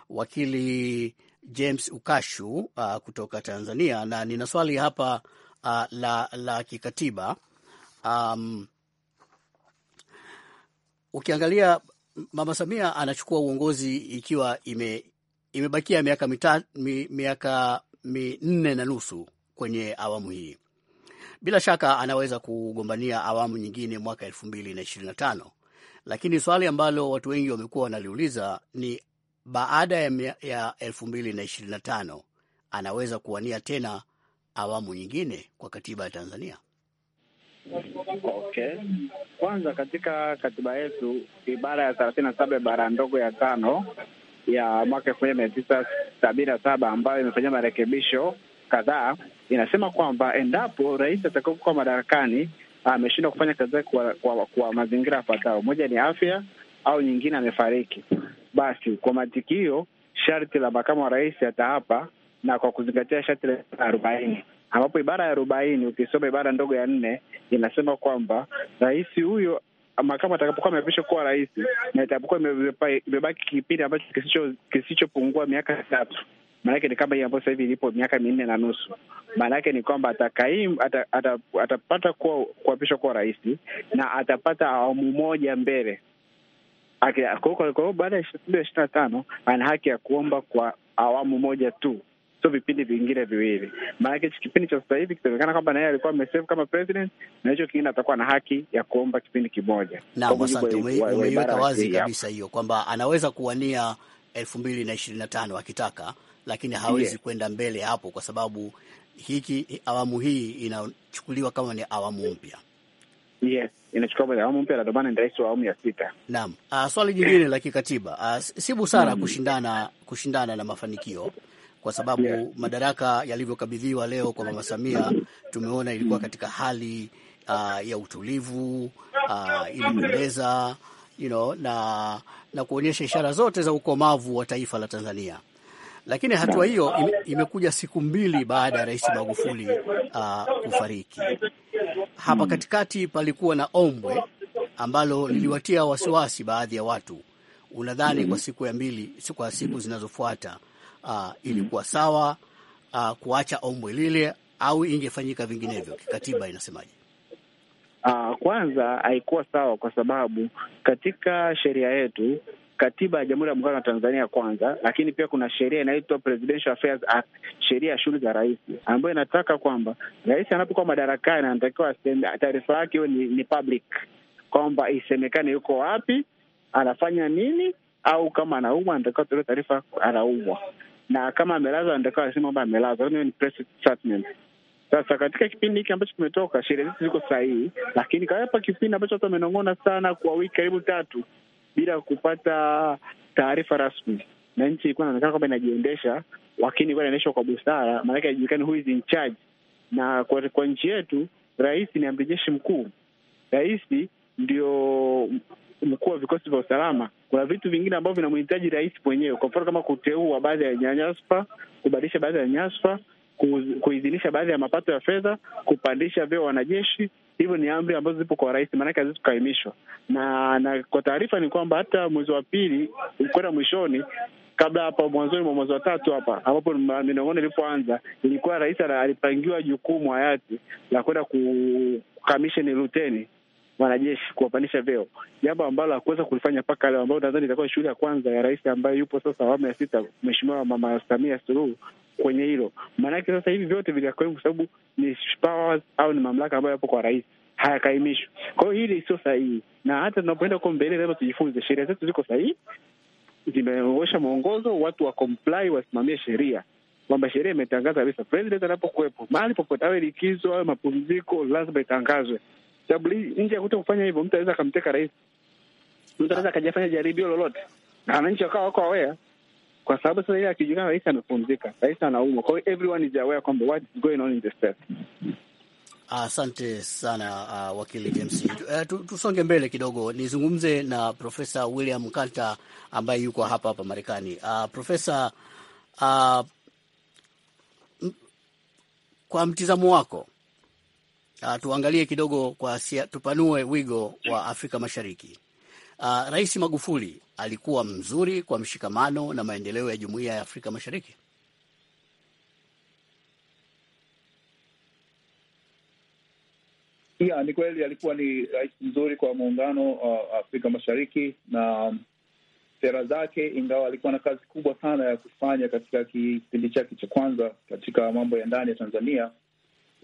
wakili James Ukashu uh, kutoka Tanzania, na nina swali hapa uh, la, la kikatiba um, ukiangalia Mama Samia anachukua uongozi ikiwa ime, imebakia miaka, mita, mi, miaka minne na nusu kwenye awamu hii. Bila shaka anaweza kugombania awamu nyingine mwaka elfu na tano lakini swali ambalo watu wengi wamekuwa wanaliuliza ni baada ya elfu na tano anaweza kuwania tena awamu nyingine kwa katiba ya Tanzania? Okay, kwanza katika katiba yetu ibara ya thelathini na saba ibara ndogo ya tano ya mwaka elfu moja mia tisa sabini na saba ambayo imefanyia marekebisho kadhaa inasema kwamba endapo rais atakaokuwa madarakani ameshindwa kufanya kazi zake kwa, kwa, kwa mazingira yafuatayo: moja ni afya au nyingine amefariki, basi kwa matikio sharti la makamu wa rais ataapa na kwa kuzingatia sharti la arobaini ambapo ibara ya arobaini ukisoma ibara ndogo ya nne inasema kwamba rais huyo mahakama atakapokuwa ameapishwa kuwa rais na itakapokuwa imebaki kipindi ambacho kisichopungua miaka tatu, maanake ni kama hii ambayo sasa hivi ilipo miaka minne na nusu. Maanake ni kwamba atakaim ata, ata, atapata kuapishwa kuwa rais na atapata awamu moja mbele baada ya ishirini na tano ana haki ya kuomba kwa awamu moja tu sio vipindi vingine viwili. Maanake hichi kipindi cha sasa hivi kitaonekana kwamba naye alikuwa ameserve kama president, na hicho kingine atakuwa na haki ya kuomba kipindi kimoja. Naam, asante, umeiweka wazi kabisa hiyo kwamba anaweza kuwania elfu mbili na ishirini na tano akitaka, lakini hawezi yeah, kwenda mbele hapo kwa sababu hiki awamu hii inachukuliwa kama ni awamu mpya. Yes, inachukua baada awamu mpya, ndio maana ni rais wa awamu ya sita. Naam. Uh, swali jingine la kikatiba uh, si busara hmm. kushindana kushindana na mafanikio kwa sababu yeah, madaraka yalivyokabidhiwa leo kwa Mama Samia tumeona ilikuwa katika hali uh, ya utulivu uh, ilipendeza you know, na, na kuonyesha ishara zote za ukomavu wa taifa la Tanzania lakini hatua hiyo imekuja siku mbili baada ya Rais Magufuli uh, kufariki. Hapa hmm. katikati palikuwa na ombwe ambalo hmm. liliwatia wasiwasi baadhi ya watu. Unadhani kwa hmm. siku ya mbili, kwa siku zinazofuata uh, mm-hmm. ilikuwa sawa uh, kuacha ombwe lile au ingefanyika vinginevyo? Kikatiba inasemaje? Uh, kwanza haikuwa sawa kwa sababu katika sheria yetu katiba ya Jamhuri ya Muungano wa Tanzania kwanza, lakini pia kuna sheria inaitwa Presidential Affairs Act, sheria ya shughuli za rais, ambayo inataka kwamba rais anapokuwa madarakani anatakiwa taarifa yake hiyo ni, ni public, kwamba isemekane yuko wapi, anafanya nini, au kama anaumwa anatakiwa tolewa taarifa anaumwa na kama amelazwa anatakiwa asema kwamba amelazwa, hiyo ni press statement. Sasa katika kipindi hiki ambacho kimetoka, sheria zetu ziko sahihi, lakini kawapa kipindi ambacho watu wamenong'ona sana kwa wiki karibu tatu bila kupata taarifa rasmi, na nchi ilikuwa inaonekana kwamba inajiendesha, lakini ilikuwa inaendeshwa kwa busara, maanake haijulikani who is in charge. Na kwa, kwa nchi yetu rais ni amri jeshi mkuu, rais ndio mkuu wa vikosi vya usalama, kuna vitu vingine ambavyo vinamhitaji rais mwenyewe, kwa mfano kama kuteua baadhi ya nyanyaspa, kubadilisha baadhi ya nyaspa, kuidhinisha baadhi ya mapato ya fedha, kupandisha vyeo wanajeshi. Hivyo ni amri ambazo zipo kwa rais, maanake haziwezi kukaimishwa. Na na kwa taarifa ni kwamba hata mwezi wa pili kwenda mwishoni kabla hapa mwanzoni mwa mwezi wa tatu hapa ambapo minong'ono ilipoanza, ilikuwa rais alipangiwa jukumu hayati la kwenda kukamisheni luteni wanajeshi kuwapandisha vyeo, jambo ambalo hakuweza kulifanya mpaka leo, ambayo nadhani itakuwa shughuli ya kwanza ya rais ambaye yupo sasa awamu ya sita, Mheshimiwa Mama Samia Suluhu kwenye hilo. Maanake sasa hivi vyote vilikaim kwa sababu ni powers au ni mamlaka ambayo yapo kwa rais hayakaimishwi. Kwa hiyo hili sio sahihi, na hata tunapoenda huko mbele lazima tujifunze, sheria zetu ziko sahihi, zimeosha mwongozo, watu wa comply wasimamie sheria kwamba sheria imetangaza kabisa, president anapokuwepo mahali popote, awe likizo awe mapumziko, lazima itangazwe sababu nje ya kuto kufanya hivyo, mtu anaweza akamteka rais, mtu anaweza akajafanya jaribio lolote, wananchi wakawa wako aware, kwa sababu sasa ile akijulikana rais amepumzika, rais anaumwa, kwa hiyo everyone is aware kwamba what is going on in the state. Asante sana uh, wakili James. Uh, tusonge mbele kidogo, nizungumze na Profesa William Kanta ambaye yuko hapa hapa Marekani. Uh, profesa, uh, kwa mtizamo wako uh, tuangalie kidogo kwa sia, tupanue wigo wa Afrika Mashariki. Uh, Rais Magufuli alikuwa mzuri kwa mshikamano na maendeleo ya Jumuiya ya Afrika Mashariki. Ya, ni kweli alikuwa ni rais mzuri kwa muungano wa uh, Afrika Mashariki na sera zake, ingawa alikuwa na kazi kubwa sana ya kufanya katika kipindi chake cha kwanza katika mambo ya ndani ya Tanzania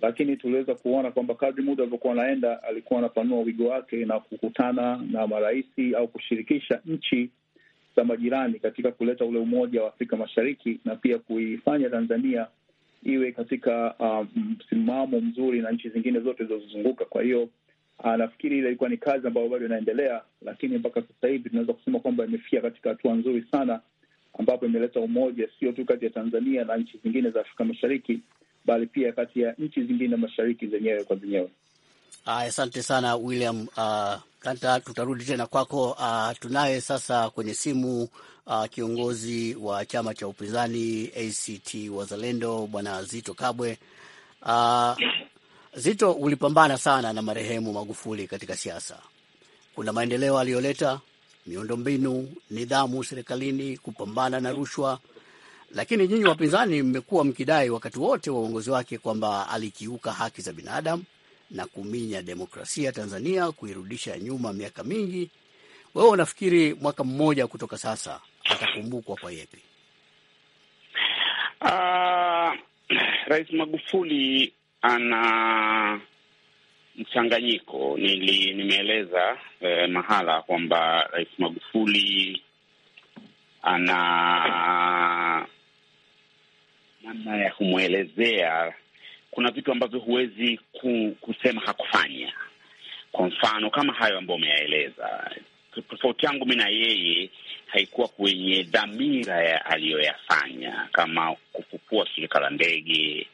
lakini tuliweza kuona kwamba kadri muda alivyokuwa anaenda, alikuwa anapanua wigo wake na kukutana na marais au kushirikisha nchi za majirani katika kuleta ule umoja wa Afrika Mashariki na pia kuifanya Tanzania iwe katika uh, msimamo um, mzuri na nchi zingine zote zilizozunguka. Kwa hiyo uh, nafikiri ile ilikuwa ni kazi ambayo bado inaendelea, lakini mpaka sasa hivi tunaweza kusema kwamba imefikia katika hatua nzuri sana, ambapo imeleta umoja sio tu kati ya Tanzania na nchi zingine za Afrika Mashariki bali pia kati ya nchi zingine mashariki zenyewe kwa zenyewe. Asante sana William uh, Kanta, tutarudi tena kwako. Uh, tunaye sasa kwenye simu uh, kiongozi wa chama cha upinzani ACT Wazalendo Bwana Zito Kabwe. Uh, Zito, ulipambana sana na marehemu Magufuli katika siasa. Kuna maendeleo aliyoleta miundombinu, nidhamu serikalini, kupambana na rushwa, lakini nyinyi wapinzani mmekuwa mkidai wakati wote wa uongozi wake kwamba alikiuka haki za binadamu na kuminya demokrasia Tanzania, kuirudisha nyuma miaka mingi. Wewe unafikiri mwaka mmoja kutoka sasa atakumbukwa kwa yepi? Uh, Rais Magufuli ana mchanganyiko. Nili- nimeeleza eh, mahala kwamba Rais Magufuli ana namna ya kumwelezea. Kuna vitu ambavyo huwezi ku, kusema hakufanya. Kwa mfano kama hayo ambayo umeyaeleza, tofauti yangu mi na yeye haikuwa kwenye dhamira ya aliyoyafanya, kama kufufua shirika la ndege,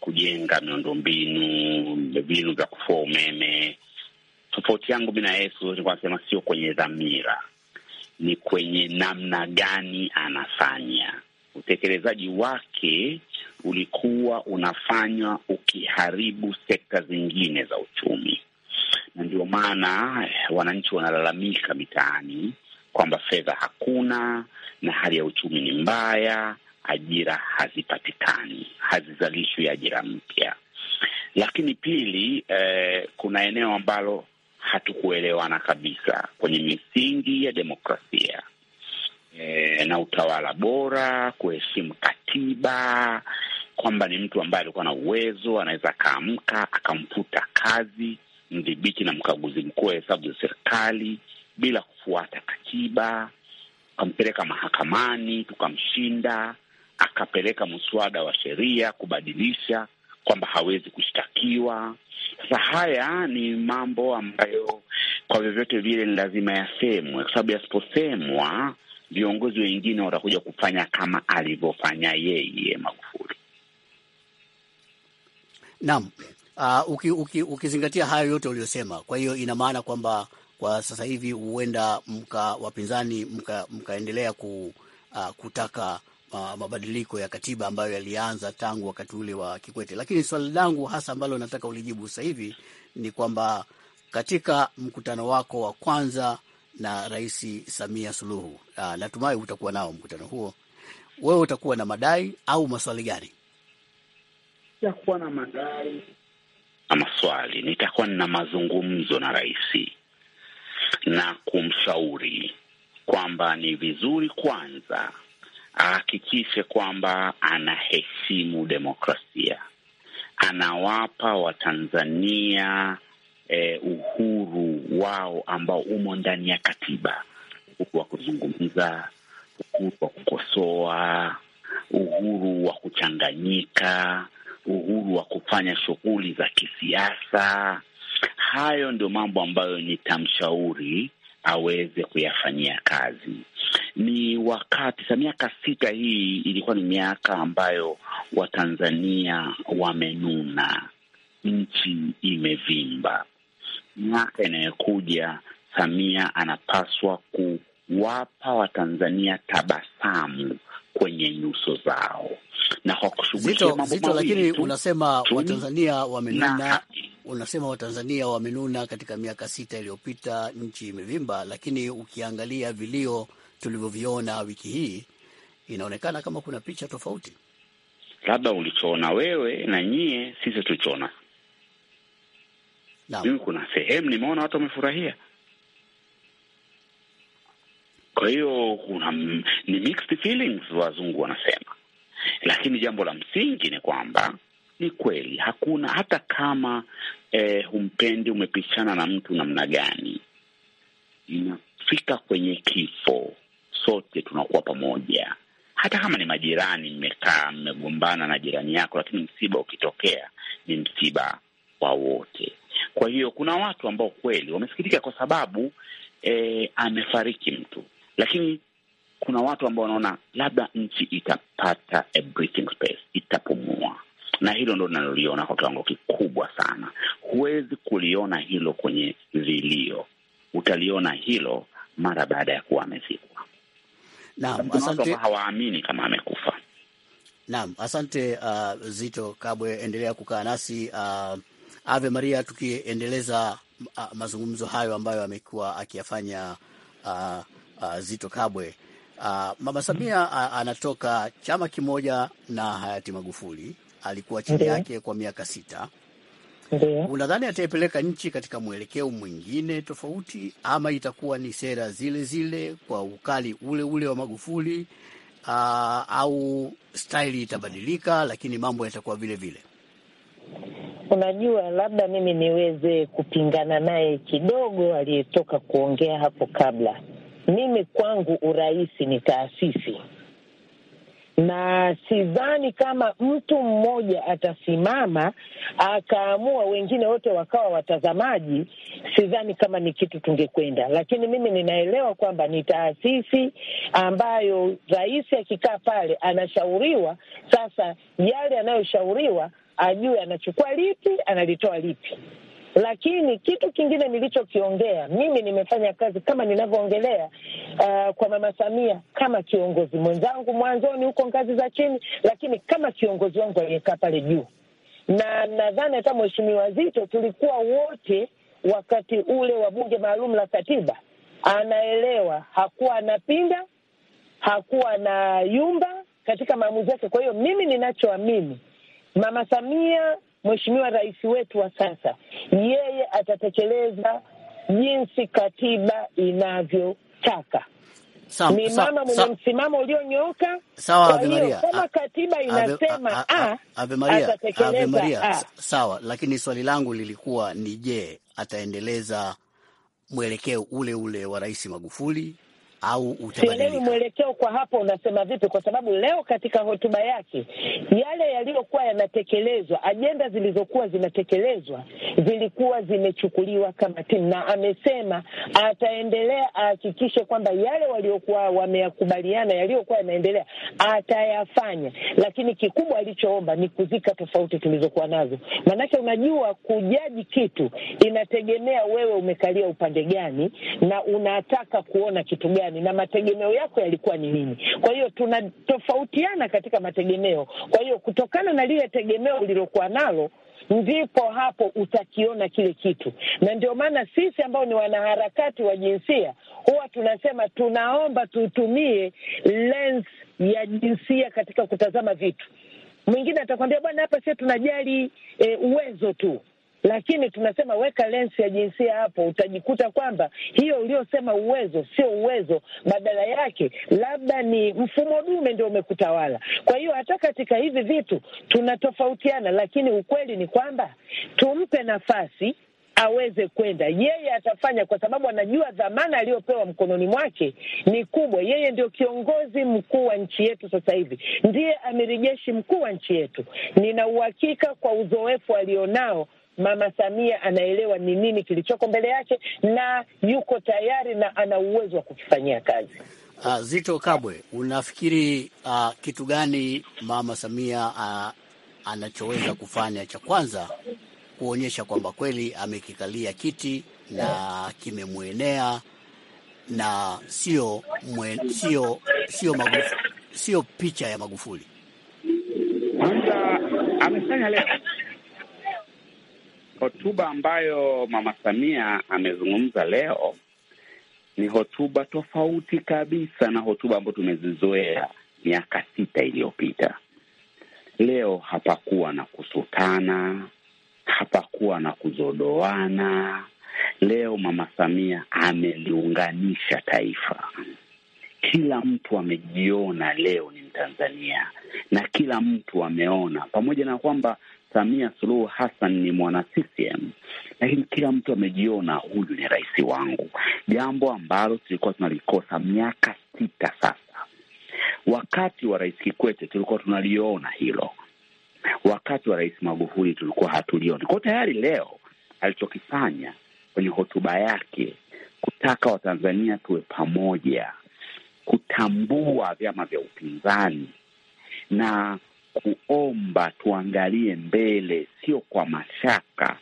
kujenga miundombinu, vinu vya kufua umeme. Tofauti yangu mi na yeye nasema sio kwenye dhamira, ni kwenye namna gani anafanya utekelezaji wake ulikuwa unafanywa ukiharibu sekta zingine za uchumi, na ndio maana eh, wananchi wanalalamika mitaani kwamba fedha hakuna na hali ya uchumi ni mbaya, ajira hazipatikani, hazizalishwi ajira mpya. Lakini pili, eh, kuna eneo ambalo hatukuelewana kabisa kwenye misingi ya demokrasia e, na utawala bora, kuheshimu katiba, kwamba ni mtu ambaye alikuwa na uwezo, anaweza akaamka akamfuta kazi mdhibiti na mkaguzi mkuu wa hesabu za serikali bila kufuata katiba, akampeleka mahakamani, tukamshinda, akapeleka mswada wa sheria kubadilisha kwamba hawezi kushtakiwa. Sasa haya ni mambo ambayo kwa vyovyote vile ni lazima yasemwe, kwa sababu yasiposemwa viongozi wengine watakuja kufanya kama alivyofanya yeye Magufuli. Naam. Uh, uki, uki, ukizingatia hayo yote uliyosema, kwa hiyo ina maana kwamba kwa sasa hivi huenda mka wapinzani mkaendelea mka ku, uh, kutaka uh, mabadiliko ya katiba ambayo yalianza tangu wakati ule wa Kikwete. Lakini swali langu hasa ambalo nataka ulijibu sasa hivi ni kwamba katika mkutano wako wa kwanza na Rais Samia Suluhu. Uh, natumai utakuwa nao mkutano huo. Wewe utakuwa na madai au maswali gani? Sitakuwa na madai na maswali, nitakuwa na mazungumzo na rais na kumshauri kwamba ni vizuri kwanza ahakikishe kwamba anaheshimu demokrasia, anawapa Watanzania eh, uhuru wao ambao umo ndani ya katiba, uhuru wa kuzungumza, uhuru wa kukosoa, uhuru wa kuchanganyika, uhuru wa kufanya shughuli za kisiasa. Hayo ndio mambo ambayo nitamshauri aweze kuyafanyia kazi. Ni wakati sa miaka sita hii ilikuwa ni miaka ambayo Watanzania wamenuna, nchi imevimba miaka inayokuja Samia anapaswa kuwapa Watanzania tabasamu kwenye nyuso zao na kwa kushughulikia mambo tu. lakini unasema Watanzania wamenuna, unasema Watanzania wamenuna katika miaka sita iliyopita, nchi imevimba, lakini ukiangalia vilio tulivyoviona wiki hii inaonekana kama kuna picha tofauti. Labda ulichoona wewe na nyie, sisi tulichoona mimi kuna sehemu nimeona watu wamefurahia. Kwa hiyo kuna ni mixed feelings wazungu wanasema, lakini jambo la msingi ni kwamba ni kweli hakuna hata kama eh, humpendi, umepishana na mtu namna gani, inafika kwenye kifo sote tunakuwa pamoja. Hata kama ni majirani, mmekaa mmegombana na jirani yako, lakini msiba ukitokea ni msiba kwa wote. Kwa hiyo kuna watu ambao kweli wamesikitika kwa sababu e, amefariki mtu, lakini kuna watu ambao wanaona labda nchi itapata a breathing space, itapumua na hilo ndo linaloliona kwa kiwango kikubwa sana. Huwezi kuliona hilo kwenye vilio, utaliona hilo mara baada ya kuwa amezikwa. Naam, asante. Hawaamini kama amekufa. Naam, asante. Uh, Zito Kabwe, endelea kukaa nasi uh... Ave Maria, tukiendeleza mazungumzo hayo ambayo amekuwa akiyafanya uh, uh, Zito Kabwe. Uh, Mama Samia uh, anatoka chama kimoja na hayati Magufuli, alikuwa chini yake kwa miaka sita. Ndiyo. Unadhani ataipeleka nchi katika mwelekeo mwingine tofauti ama itakuwa ni sera zile zile kwa ukali ule ule wa Magufuli uh, au staili itabadilika lakini mambo yatakuwa vile vile? unajua, labda mimi niweze kupingana naye kidogo, aliyetoka kuongea hapo kabla. Mimi kwangu urais ni taasisi, na sidhani kama mtu mmoja atasimama akaamua wengine wote wakawa watazamaji. Sidhani kama ni kitu tungekwenda, lakini mimi ninaelewa kwamba ni taasisi ambayo rais akikaa pale anashauriwa. Sasa yale anayoshauriwa ajue anachukua lipi, analitoa lipi. Lakini kitu kingine nilichokiongea mimi, nimefanya kazi kama ninavyoongelea uh, kwa Mama Samia kama kiongozi mwenzangu mwanzoni huko ngazi za chini, lakini kama kiongozi wangu aliyekaa pale juu, na nadhani hata Mheshimiwa Zito tulikuwa wote wakati ule wa bunge maalum la katiba, anaelewa, hakuwa anapinda, hakuwa na yumba katika maamuzi yake. Kwa hiyo mimi ninachoamini Mama Samia, mheshimiwa rais wetu wa sasa, yeye atatekeleza jinsi katiba inavyotaka. ni mama mwenye msimamo ulionyooka. Sawa, kwa hiyo Kama katiba inasema Sawa, lakini swali langu lilikuwa ni je, ataendeleza mwelekeo ule ule wa Rais Magufuli au utabadilika? Sielewi mwelekeo kwa hapo unasema vipi, kwa sababu leo katika hotuba yake yale yaliyokuwa yanatekelezwa, ajenda zilizokuwa zinatekelezwa zilikuwa zimechukuliwa kama timu, na amesema ataendelea ahakikishe kwamba yale waliokuwa wameyakubaliana, yaliyokuwa yanaendelea atayafanya, lakini kikubwa alichoomba ni kuzika tofauti tulizokuwa nazo, maanake unajua kujaji kitu inategemea wewe umekalia upande gani na unataka kuona kitu gani gani na mategemeo yako yalikuwa ni nini. Kwa hiyo tunatofautiana katika mategemeo. Kwa hiyo kutokana na lile tegemeo ulilokuwa nalo ndipo hapo utakiona kile kitu, na ndio maana sisi ambao ni wanaharakati wa jinsia huwa tunasema tunaomba tutumie lens ya jinsia katika kutazama vitu. Mwingine atakwambia bwana, hapa sio tunajali e, uwezo tu lakini tunasema weka lensi ya jinsia hapo, utajikuta kwamba hiyo uliosema uwezo sio uwezo, badala yake labda ni mfumo dume ndio umekutawala. Kwa hiyo hata katika hivi vitu tunatofautiana, lakini ukweli ni kwamba tumpe nafasi aweze kwenda yeye, atafanya kwa sababu anajua dhamana aliyopewa mkononi mwake ni kubwa. Yeye ndio kiongozi mkuu wa nchi yetu sasa hivi, ndiye amiri jeshi mkuu wa nchi yetu. Nina uhakika kwa uzoefu alionao Mama Samia anaelewa ni nini kilichoko mbele yake na yuko tayari na ana uwezo wa kukifanyia kazi. Uh, ah, Zito Kabwe, unafikiri uh, kitu gani Mama Samia uh, anachoweza kufanya cha kwanza kuonyesha kwamba kweli amekikalia kiti na kimemwenea na sio mwen, sio sio sio picha ya Magufuli. Kwanza amefanya leo hotuba ambayo Mama Samia amezungumza leo ni hotuba tofauti kabisa na hotuba ambayo tumezizoea miaka sita iliyopita. Leo hapakuwa na kusutana, hapakuwa na kuzodoana. Leo Mama Samia ameliunganisha taifa. Kila mtu amejiona leo ni Mtanzania na kila mtu ameona, pamoja na kwamba Samia Suluhu Hassan ni mwana CCM, lakini kila mtu amejiona huyu ni rais wangu, jambo ambalo tulikuwa tunalikosa miaka sita sasa. Wakati wa Rais Kikwete tulikuwa tunaliona hilo, wakati wa Rais Magufuli tulikuwa hatulioni. Kwa tayari leo alichokifanya kwenye hotuba yake kutaka Watanzania tuwe pamoja, kutambua vyama vya upinzani na kuomba tuangalie mbele, sio kwa mashaka,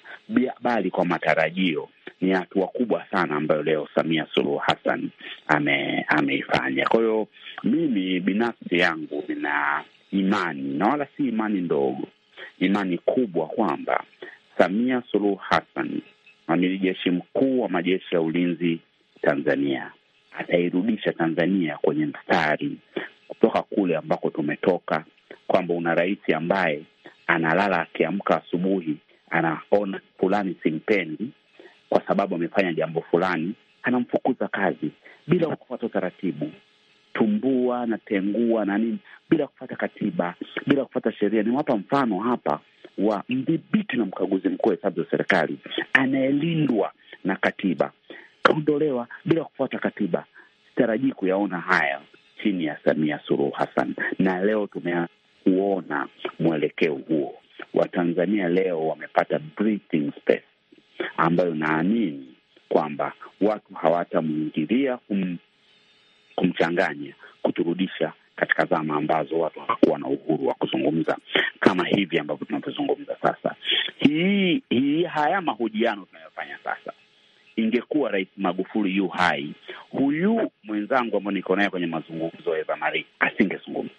bali kwa matarajio. Ni hatua kubwa sana ambayo leo Samia Suluhu Hassan ame, ameifanya. Kwa hiyo mimi binafsi yangu nina imani na wala si imani ndogo, imani kubwa kwamba Samia Suluhu Hassan, amiri jeshi mkuu wa majeshi ya ulinzi Tanzania, atairudisha Tanzania kwenye mstari kutoka kule ambako tumetoka kwamba una rais ambaye analala akiamka asubuhi anaona fulani simpendi kwa sababu amefanya jambo fulani, anamfukuza kazi bila kufuata utaratibu, tumbua na tengua na nini, bila kufuata katiba, bila kufuata sheria. Nimewapa mfano hapa wa mdhibiti na mkaguzi mkuu wa hesabu za serikali anayelindwa na katiba, kaondolewa bila kufuata katiba. Sitarajii kuyaona haya chini ya Samia Suluhu Hassan, na leo tumeanza kuona mwelekeo huo. Watanzania leo wamepata breathing space ambayo naamini kwamba watu hawatamwingilia kum, kumchanganya kuturudisha katika zama ambazo watu hawakuwa na uhuru wa kuzungumza kama hivi ambavyo tunavyozungumza sasa. Hii hii haya mahojiano tunayofanya sasa ingekuwa Rais Magufuli yu hai, huyu mwenzangu ambayo niko naye kwenye mazungumzo Eva Marie asingezungumza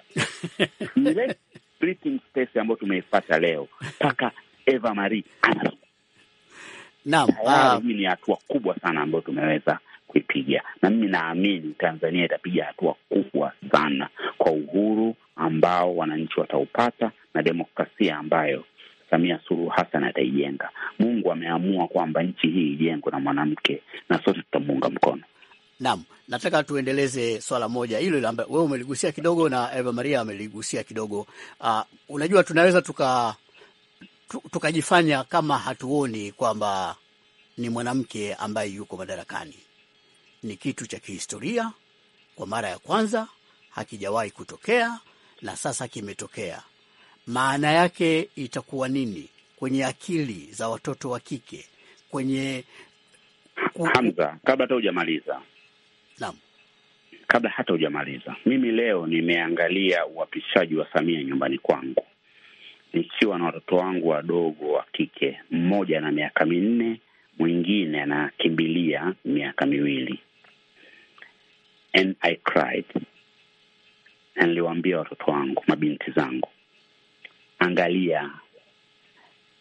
ile breathing space ambayo tumeipata leo mpaka Eva Marie ana naam. Ah, ni hatua kubwa sana ambayo tumeweza kuipiga, na mimi naamini Tanzania itapiga hatua kubwa sana kwa uhuru ambao wananchi wataupata na demokrasia ambayo Samia Suluhu Hassan ataijenga. Mungu ameamua kwamba nchi hii ijengwe na mwanamke na sote tutamuunga mkono. Naam, nataka tuendeleze swala moja hilo, wewe umeligusia kidogo na Eva Maria ameligusia kidogo. Uh, unajua tunaweza tuka tukajifanya kama hatuoni kwamba ni mwanamke ambaye yuko madarakani. Ni kitu cha kihistoria, kwa mara ya kwanza hakijawahi kutokea na sasa kimetokea maana yake itakuwa nini kwenye akili za watoto wa kike kwenye Hamza, kabla hata hujamaliza, naam, kabla hata hujamaliza, mimi leo nimeangalia uapishaji wa Samia nyumbani kwangu nikiwa na watoto wangu wadogo wa kike, mmoja ana miaka minne, mwingine anakimbilia miaka miwili. And I cried, niliwaambia watoto wangu, mabinti zangu, angalia,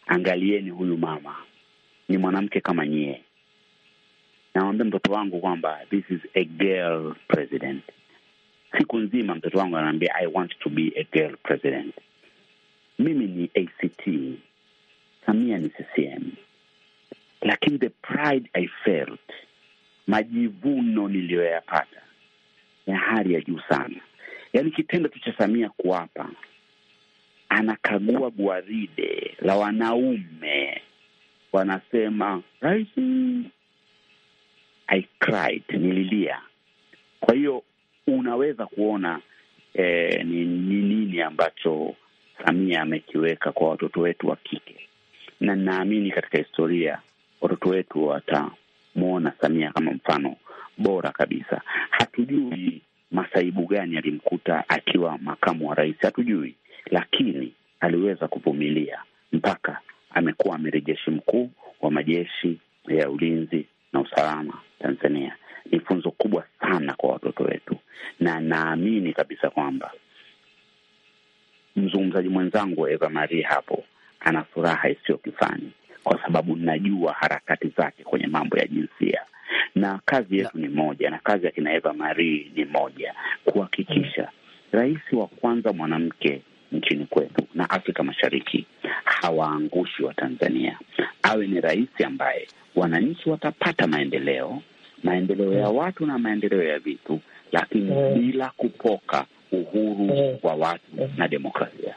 angalieni huyu mama, ni mwanamke kama nyie. nawambia mtoto wangu kwamba this is a girl president. Siku nzima mtoto wangu ananiambia I want to be a girl president. Mimi ni ACT, Samia ni CCM, lakini the pride I felt, majivuno niliyoyapata ya hali ya juu sana. Yaani kitendo tu cha Samia kuapa anakagua gwaride la wanaume, wanasema rais, I cried, nililia. Kwa hiyo unaweza kuona eh, ni nini ambacho Samia amekiweka kwa watoto wetu wa kike, na ninaamini katika historia watoto wetu watamwona Samia kama mfano bora kabisa. Hatujui masaibu gani alimkuta akiwa makamu wa rais, hatujui lakini aliweza kuvumilia mpaka amekuwa amirijeshi mkuu wa majeshi ya ulinzi na usalama Tanzania. Ni funzo kubwa sana kwa watoto wetu, na naamini kabisa kwamba mzungumzaji mwenzangu Eva Marie hapo ana furaha isiyo kifani, kwa sababu najua harakati zake kwenye mambo ya jinsia, na kazi yetu ni moja, na kazi ya kina Eva Marie ni moja, kuhakikisha mm. rais wa kwanza mwanamke nchini kwetu na Afrika Mashariki hawaangushi wa tanzania Awe ni rais ambaye wananchi watapata maendeleo, maendeleo ya watu na maendeleo ya vitu, lakini eh. bila kupoka uhuru eh. wa watu na demokrasia.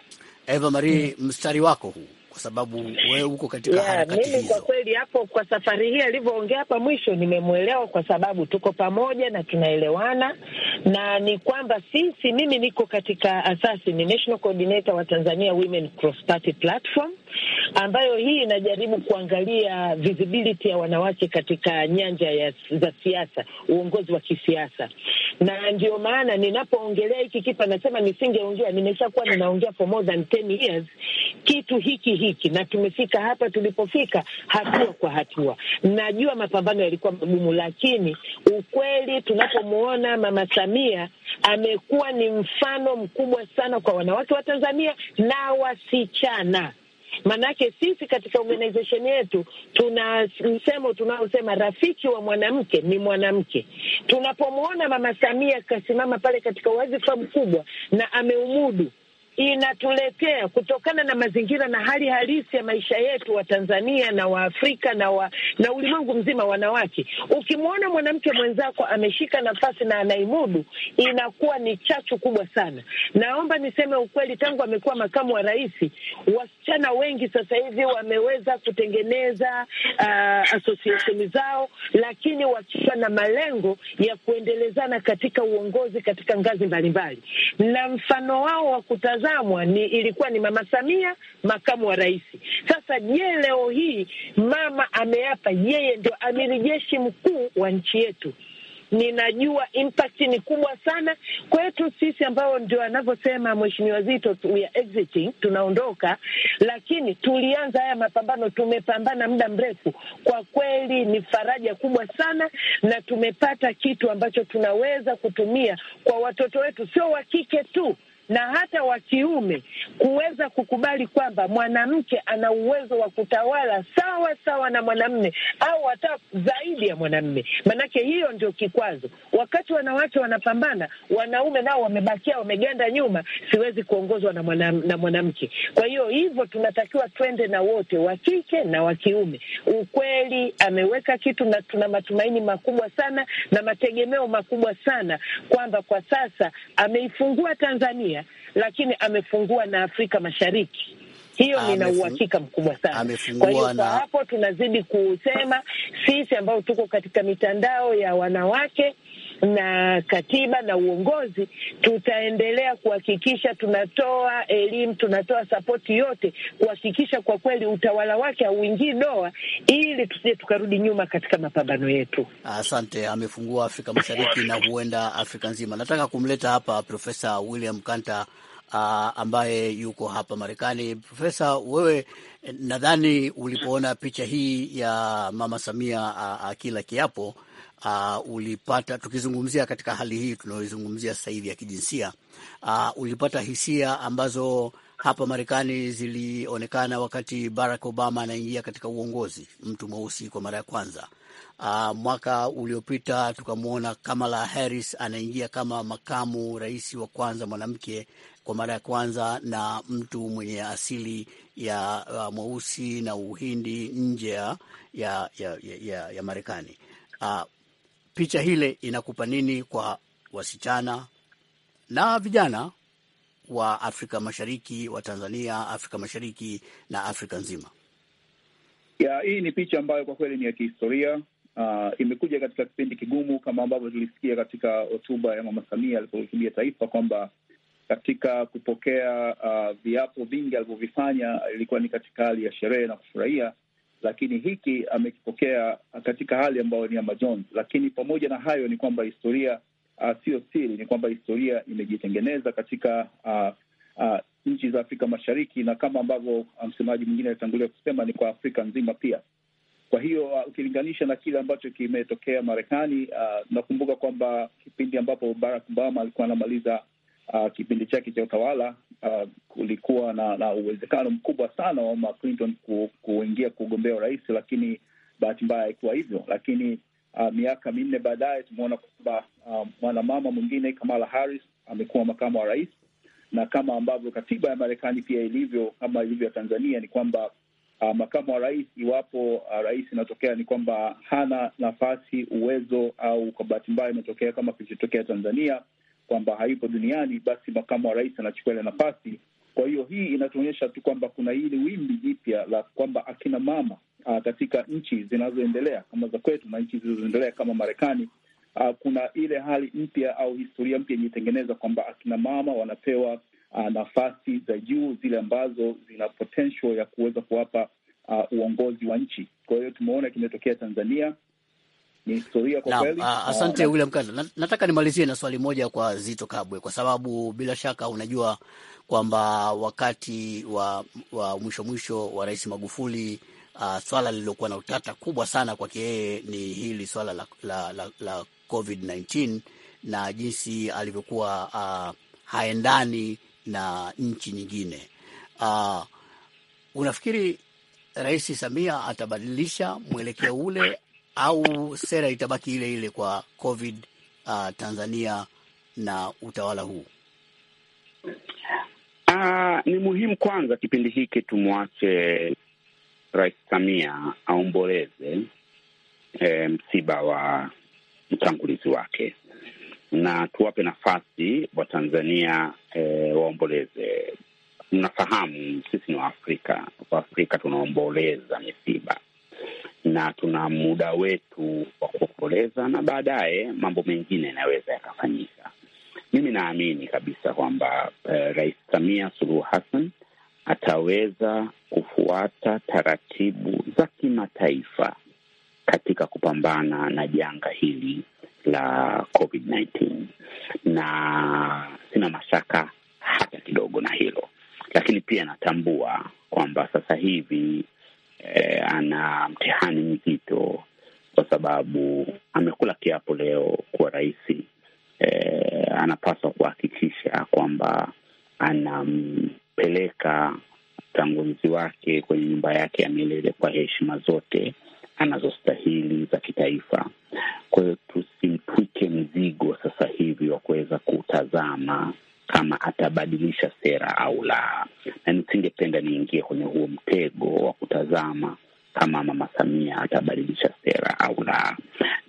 Eva Marie, mstari wako huu kwa sababu wewe uko katika yeah, harakati hizo. Mimi kwa kweli hapo kwa safari hii alivyoongea hapa mwisho nimemwelewa, kwa sababu tuko pamoja na tunaelewana, na ni kwamba sisi, mimi niko katika asasi, ni National Coordinator wa Tanzania Women Cross Party Platform ambayo hii inajaribu kuangalia visibility ya wanawake katika nyanja ya, za siasa, uongozi wa kisiasa. Na ndio maana ninapoongelea hiki kitu anasema nisingeongea, nimeshakuwa ninaongea for more than 10 years kitu hiki hiki, na tumefika hapa tulipofika, hatua kwa hatua. Najua mapambano yalikuwa magumu, lakini ukweli tunapomwona Mama Samia amekuwa ni mfano mkubwa sana kwa wanawake wa Tanzania na wasichana Maanake sisi katika organization yetu tuna msemo tunaosema rafiki wa mwanamke ni mwanamke. Tunapomwona Mama Samia kasimama pale katika wadhifa mkubwa na ameumudu inatuletea kutokana na mazingira na hali halisi ya maisha yetu wa Tanzania na Waafrika na wa, na ulimwengu mzima. Wanawake, ukimwona mwanamke mwenzako ameshika nafasi na anaimudu, inakuwa ni chachu kubwa sana. Naomba niseme ukweli, tangu amekuwa makamu wa rais, wasichana wengi sasa hivi wameweza kutengeneza uh, association zao, lakini wakiwa na malengo ya kuendelezana katika uongozi katika ngazi mbalimbali, na mfano wao wa kutaz inatazamwa ni ilikuwa ni Mama Samia, makamu wa rais. Sasa je, leo hii mama ameapa, yeye ndio amiri jeshi mkuu wa nchi yetu. Ninajua impact ni kubwa sana kwetu sisi ambao ndio anavyosema Mheshimiwa Zito, we are exiting, tunaondoka. Lakini tulianza haya mapambano, tumepambana muda mrefu. Kwa kweli ni faraja kubwa sana, na tumepata kitu ambacho tunaweza kutumia kwa watoto wetu, sio wa kike tu na hata wa kiume kuweza kukubali kwamba mwanamke ana uwezo wa kutawala sawa sawa na mwanamme au hata zaidi ya mwanamme. Maanake hiyo ndio kikwazo. Wakati wanawake wanapambana, wanaume nao wamebakia, wameganda nyuma, siwezi kuongozwa na mwanamke na mwanamke. Kwa hiyo hivyo tunatakiwa twende na wote, wa kike na wa kiume. Ukweli ameweka kitu, na tuna matumaini makubwa sana na mategemeo makubwa sana kwamba kwa sasa ameifungua Tanzania lakini amefungua na Afrika Mashariki. Hiyo ah, nina uhakika mkubwa sana. Kwa hiyo kwa na... hapo tunazidi kusema sisi ambao tuko katika mitandao ya wanawake na katiba na uongozi, tutaendelea kuhakikisha tunatoa elimu, tunatoa sapoti yote kuhakikisha kwa kweli utawala wake hauingii doa, ili tusije tukarudi nyuma katika mapambano yetu. Asante. Amefungua Afrika Mashariki na huenda Afrika nzima. Nataka kumleta hapa Profesa William Kanta uh, ambaye yuko hapa Marekani. Profesa, wewe nadhani ulipoona picha hii ya Mama Samia akila uh, uh, kiapo uh, ulipata tukizungumzia katika hali hii tunayoizungumzia sasa hivi ya kijinsia uh, ulipata hisia ambazo hapa Marekani zilionekana wakati Barack Obama anaingia katika uongozi, mtu mweusi kwa mara ya kwanza. Uh, mwaka uliopita tukamwona Kamala Harris anaingia kama makamu rais wa kwanza mwanamke kwa mara ya kwanza na mtu mwenye asili ya uh, mweusi na Uhindi nje ya, ya, ya, ya, ya Marekani picha hile inakupa nini kwa wasichana na vijana wa Afrika Mashariki, wa Tanzania, Afrika Mashariki na Afrika nzima? Ya, hii ni picha ambayo kwa kweli ni ya kihistoria. Uh, imekuja katika kipindi kigumu kama ambavyo tulisikia katika hotuba ya Mama Samia alipohutubia taifa kwamba katika kupokea uh, viapo vingi alivyovifanya ilikuwa ni katika hali ya sherehe na kufurahia, lakini hiki amekipokea uh, katika hali ambayo ni ya majonzi. Lakini pamoja na hayo ni kwamba historia siyo uh, sio siri, ni kwamba historia imejitengeneza katika uh, uh, nchi za Afrika Mashariki na kama ambavyo uh, msemaji mwingine alitangulia kusema ni kwa Afrika nzima pia. Kwa hiyo uh, ukilinganisha na kile ambacho kimetokea Marekani, uh, nakumbuka kwamba kipindi ambapo Barack Obama alikuwa anamaliza uh, kipindi chake cha utawala uh, kulikuwa na, na uwezekano mkubwa sana wa Hillary Clinton ku, kuingia kugombea urais, lakini bahati mbaya haikuwa hivyo. Lakini uh, miaka minne baadaye tumeona kwamba uh, mwanamama mwingine Kamala Harris amekuwa makamu wa rais, na kama ambavyo katiba ya Marekani pia ilivyo, kama ilivyo ya Tanzania, ni kwamba uh, makamu wa rais, iwapo uh, rais inatokea ni kwamba hana nafasi, uwezo au kwa bahati mbaya imetokea kama kilichotokea Tanzania kwamba haipo duniani, basi makamu wa rais anachukua ile nafasi. Kwa hiyo hii inatuonyesha tu kwamba kuna hili wimbi jipya la kwamba akina mama a, ah, katika nchi zinazoendelea kama za kwetu na nchi zilizoendelea kama Marekani, ah, kuna ile hali mpya au historia mpya imetengeneza kwamba akina mama wanapewa a, ah, nafasi za juu zile ambazo zina potential ya kuweza kuwapa uongozi wa nchi. Kwa hiyo tumeona kimetokea Tanzania ni historia kwa kweli. Ah, asante William Kanda, nataka nimalizie na swali moja kwa Zito Kabwe, kwa sababu bila shaka unajua kwamba wakati wa, wa mwisho mwisho wa Rais Magufuli uh, swala lililokuwa na utata kubwa sana kwake yeye ni hili swala la, la, la, la COVID-19 na jinsi alivyokuwa uh, haendani na nchi nyingine uh, unafikiri Rais Samia atabadilisha mwelekeo ule au sera itabaki ile ile kwa COVID uh, Tanzania na utawala huu? Uh, ni muhimu kwanza kipindi hiki tumwache Rais Samia aomboleze eh, msiba wa mtangulizi wake na tuwape nafasi Watanzania eh, waomboleze. Mnafahamu sisi ni Waafrika, Waafrika tunaomboleza misiba na tuna muda wetu wa kuokoleza, na baadaye mambo mengine yanaweza yakafanyika. Mimi naamini kabisa kwamba eh, Rais Samia Suluhu Hassan ataweza kufuata taratibu za kimataifa katika kupambana na janga hili la COVID-19 na sina mashaka hata kidogo na hilo, lakini pia natambua kwamba sasa hivi eh, ana mtihani mzito kwa sababu amekula kiapo leo kuwa rais. Eh, anapaswa kuhakikisha kwamba anampeleka mtangulizi wake kwenye nyumba yake ya milele kwa heshima zote anazostahili za kitaifa. Kwa hiyo tusimtwike mzigo sasa hivi wa kuweza kutazama kama atabadilisha sera au la, na nisingependa niingie kwenye huo mtego wa kutazama kama Mama Samia atabadilisha sera au la.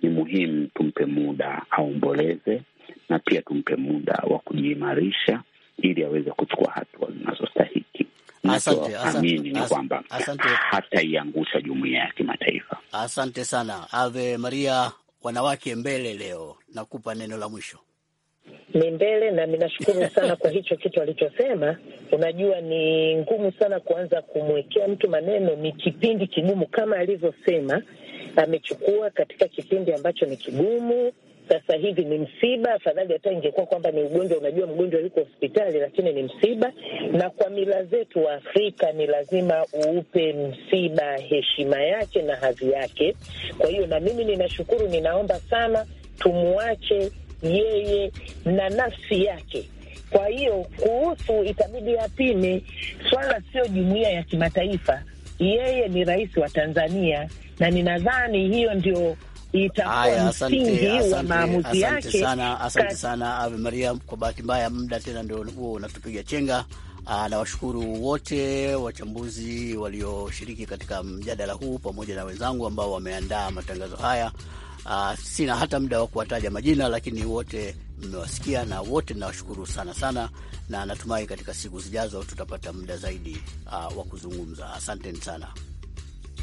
Ni muhimu tumpe muda aomboleze, na pia tumpe muda wa kujiimarisha ili aweze kuchukua hatua zinazostahiki. Nachoamini ni kwamba hataiangusha jumuiya ya kimataifa. Asante sana. Ave Maria, wanawake mbele leo, nakupa neno la mwisho ni mbele, na ninashukuru sana kwa hicho kitu alichosema. Unajua, ni ngumu sana kuanza kumwekea mtu maneno, ni kipindi kigumu kama alivyosema. Amechukua katika kipindi ambacho ni kigumu sasa hivi ni msiba. Afadhali hata ingekuwa kwamba ni ugonjwa, unajua mgonjwa yuko hospitali, lakini ni msiba. Na kwa mila zetu wa Afrika ni lazima uupe msiba heshima yake na hadhi yake. Kwa hiyo na mimi ninashukuru, ninaomba sana tumwache yeye na nafsi yake. Kwa hiyo kuhusu, itabidi apime swala, sio jumuiya ya kimataifa. Yeye ni rais wa Tanzania, na ninadhani hiyo ndio itakuwa msingi wa maamuzi yake. Asante sana, asante sana Ave Maria. Kwa bahati mbaya, muda tena ndio huo unatupiga chenga. Ah, nawashukuru wote wachambuzi walioshiriki katika mjadala huu pamoja na wenzangu ambao wameandaa matangazo haya. Uh, sina hata muda wa kuwataja majina, lakini wote mmewasikia na wote nawashukuru sana sana, na natumai katika siku zijazo tutapata muda zaidi uh, wa kuzungumza. Asanteni sana.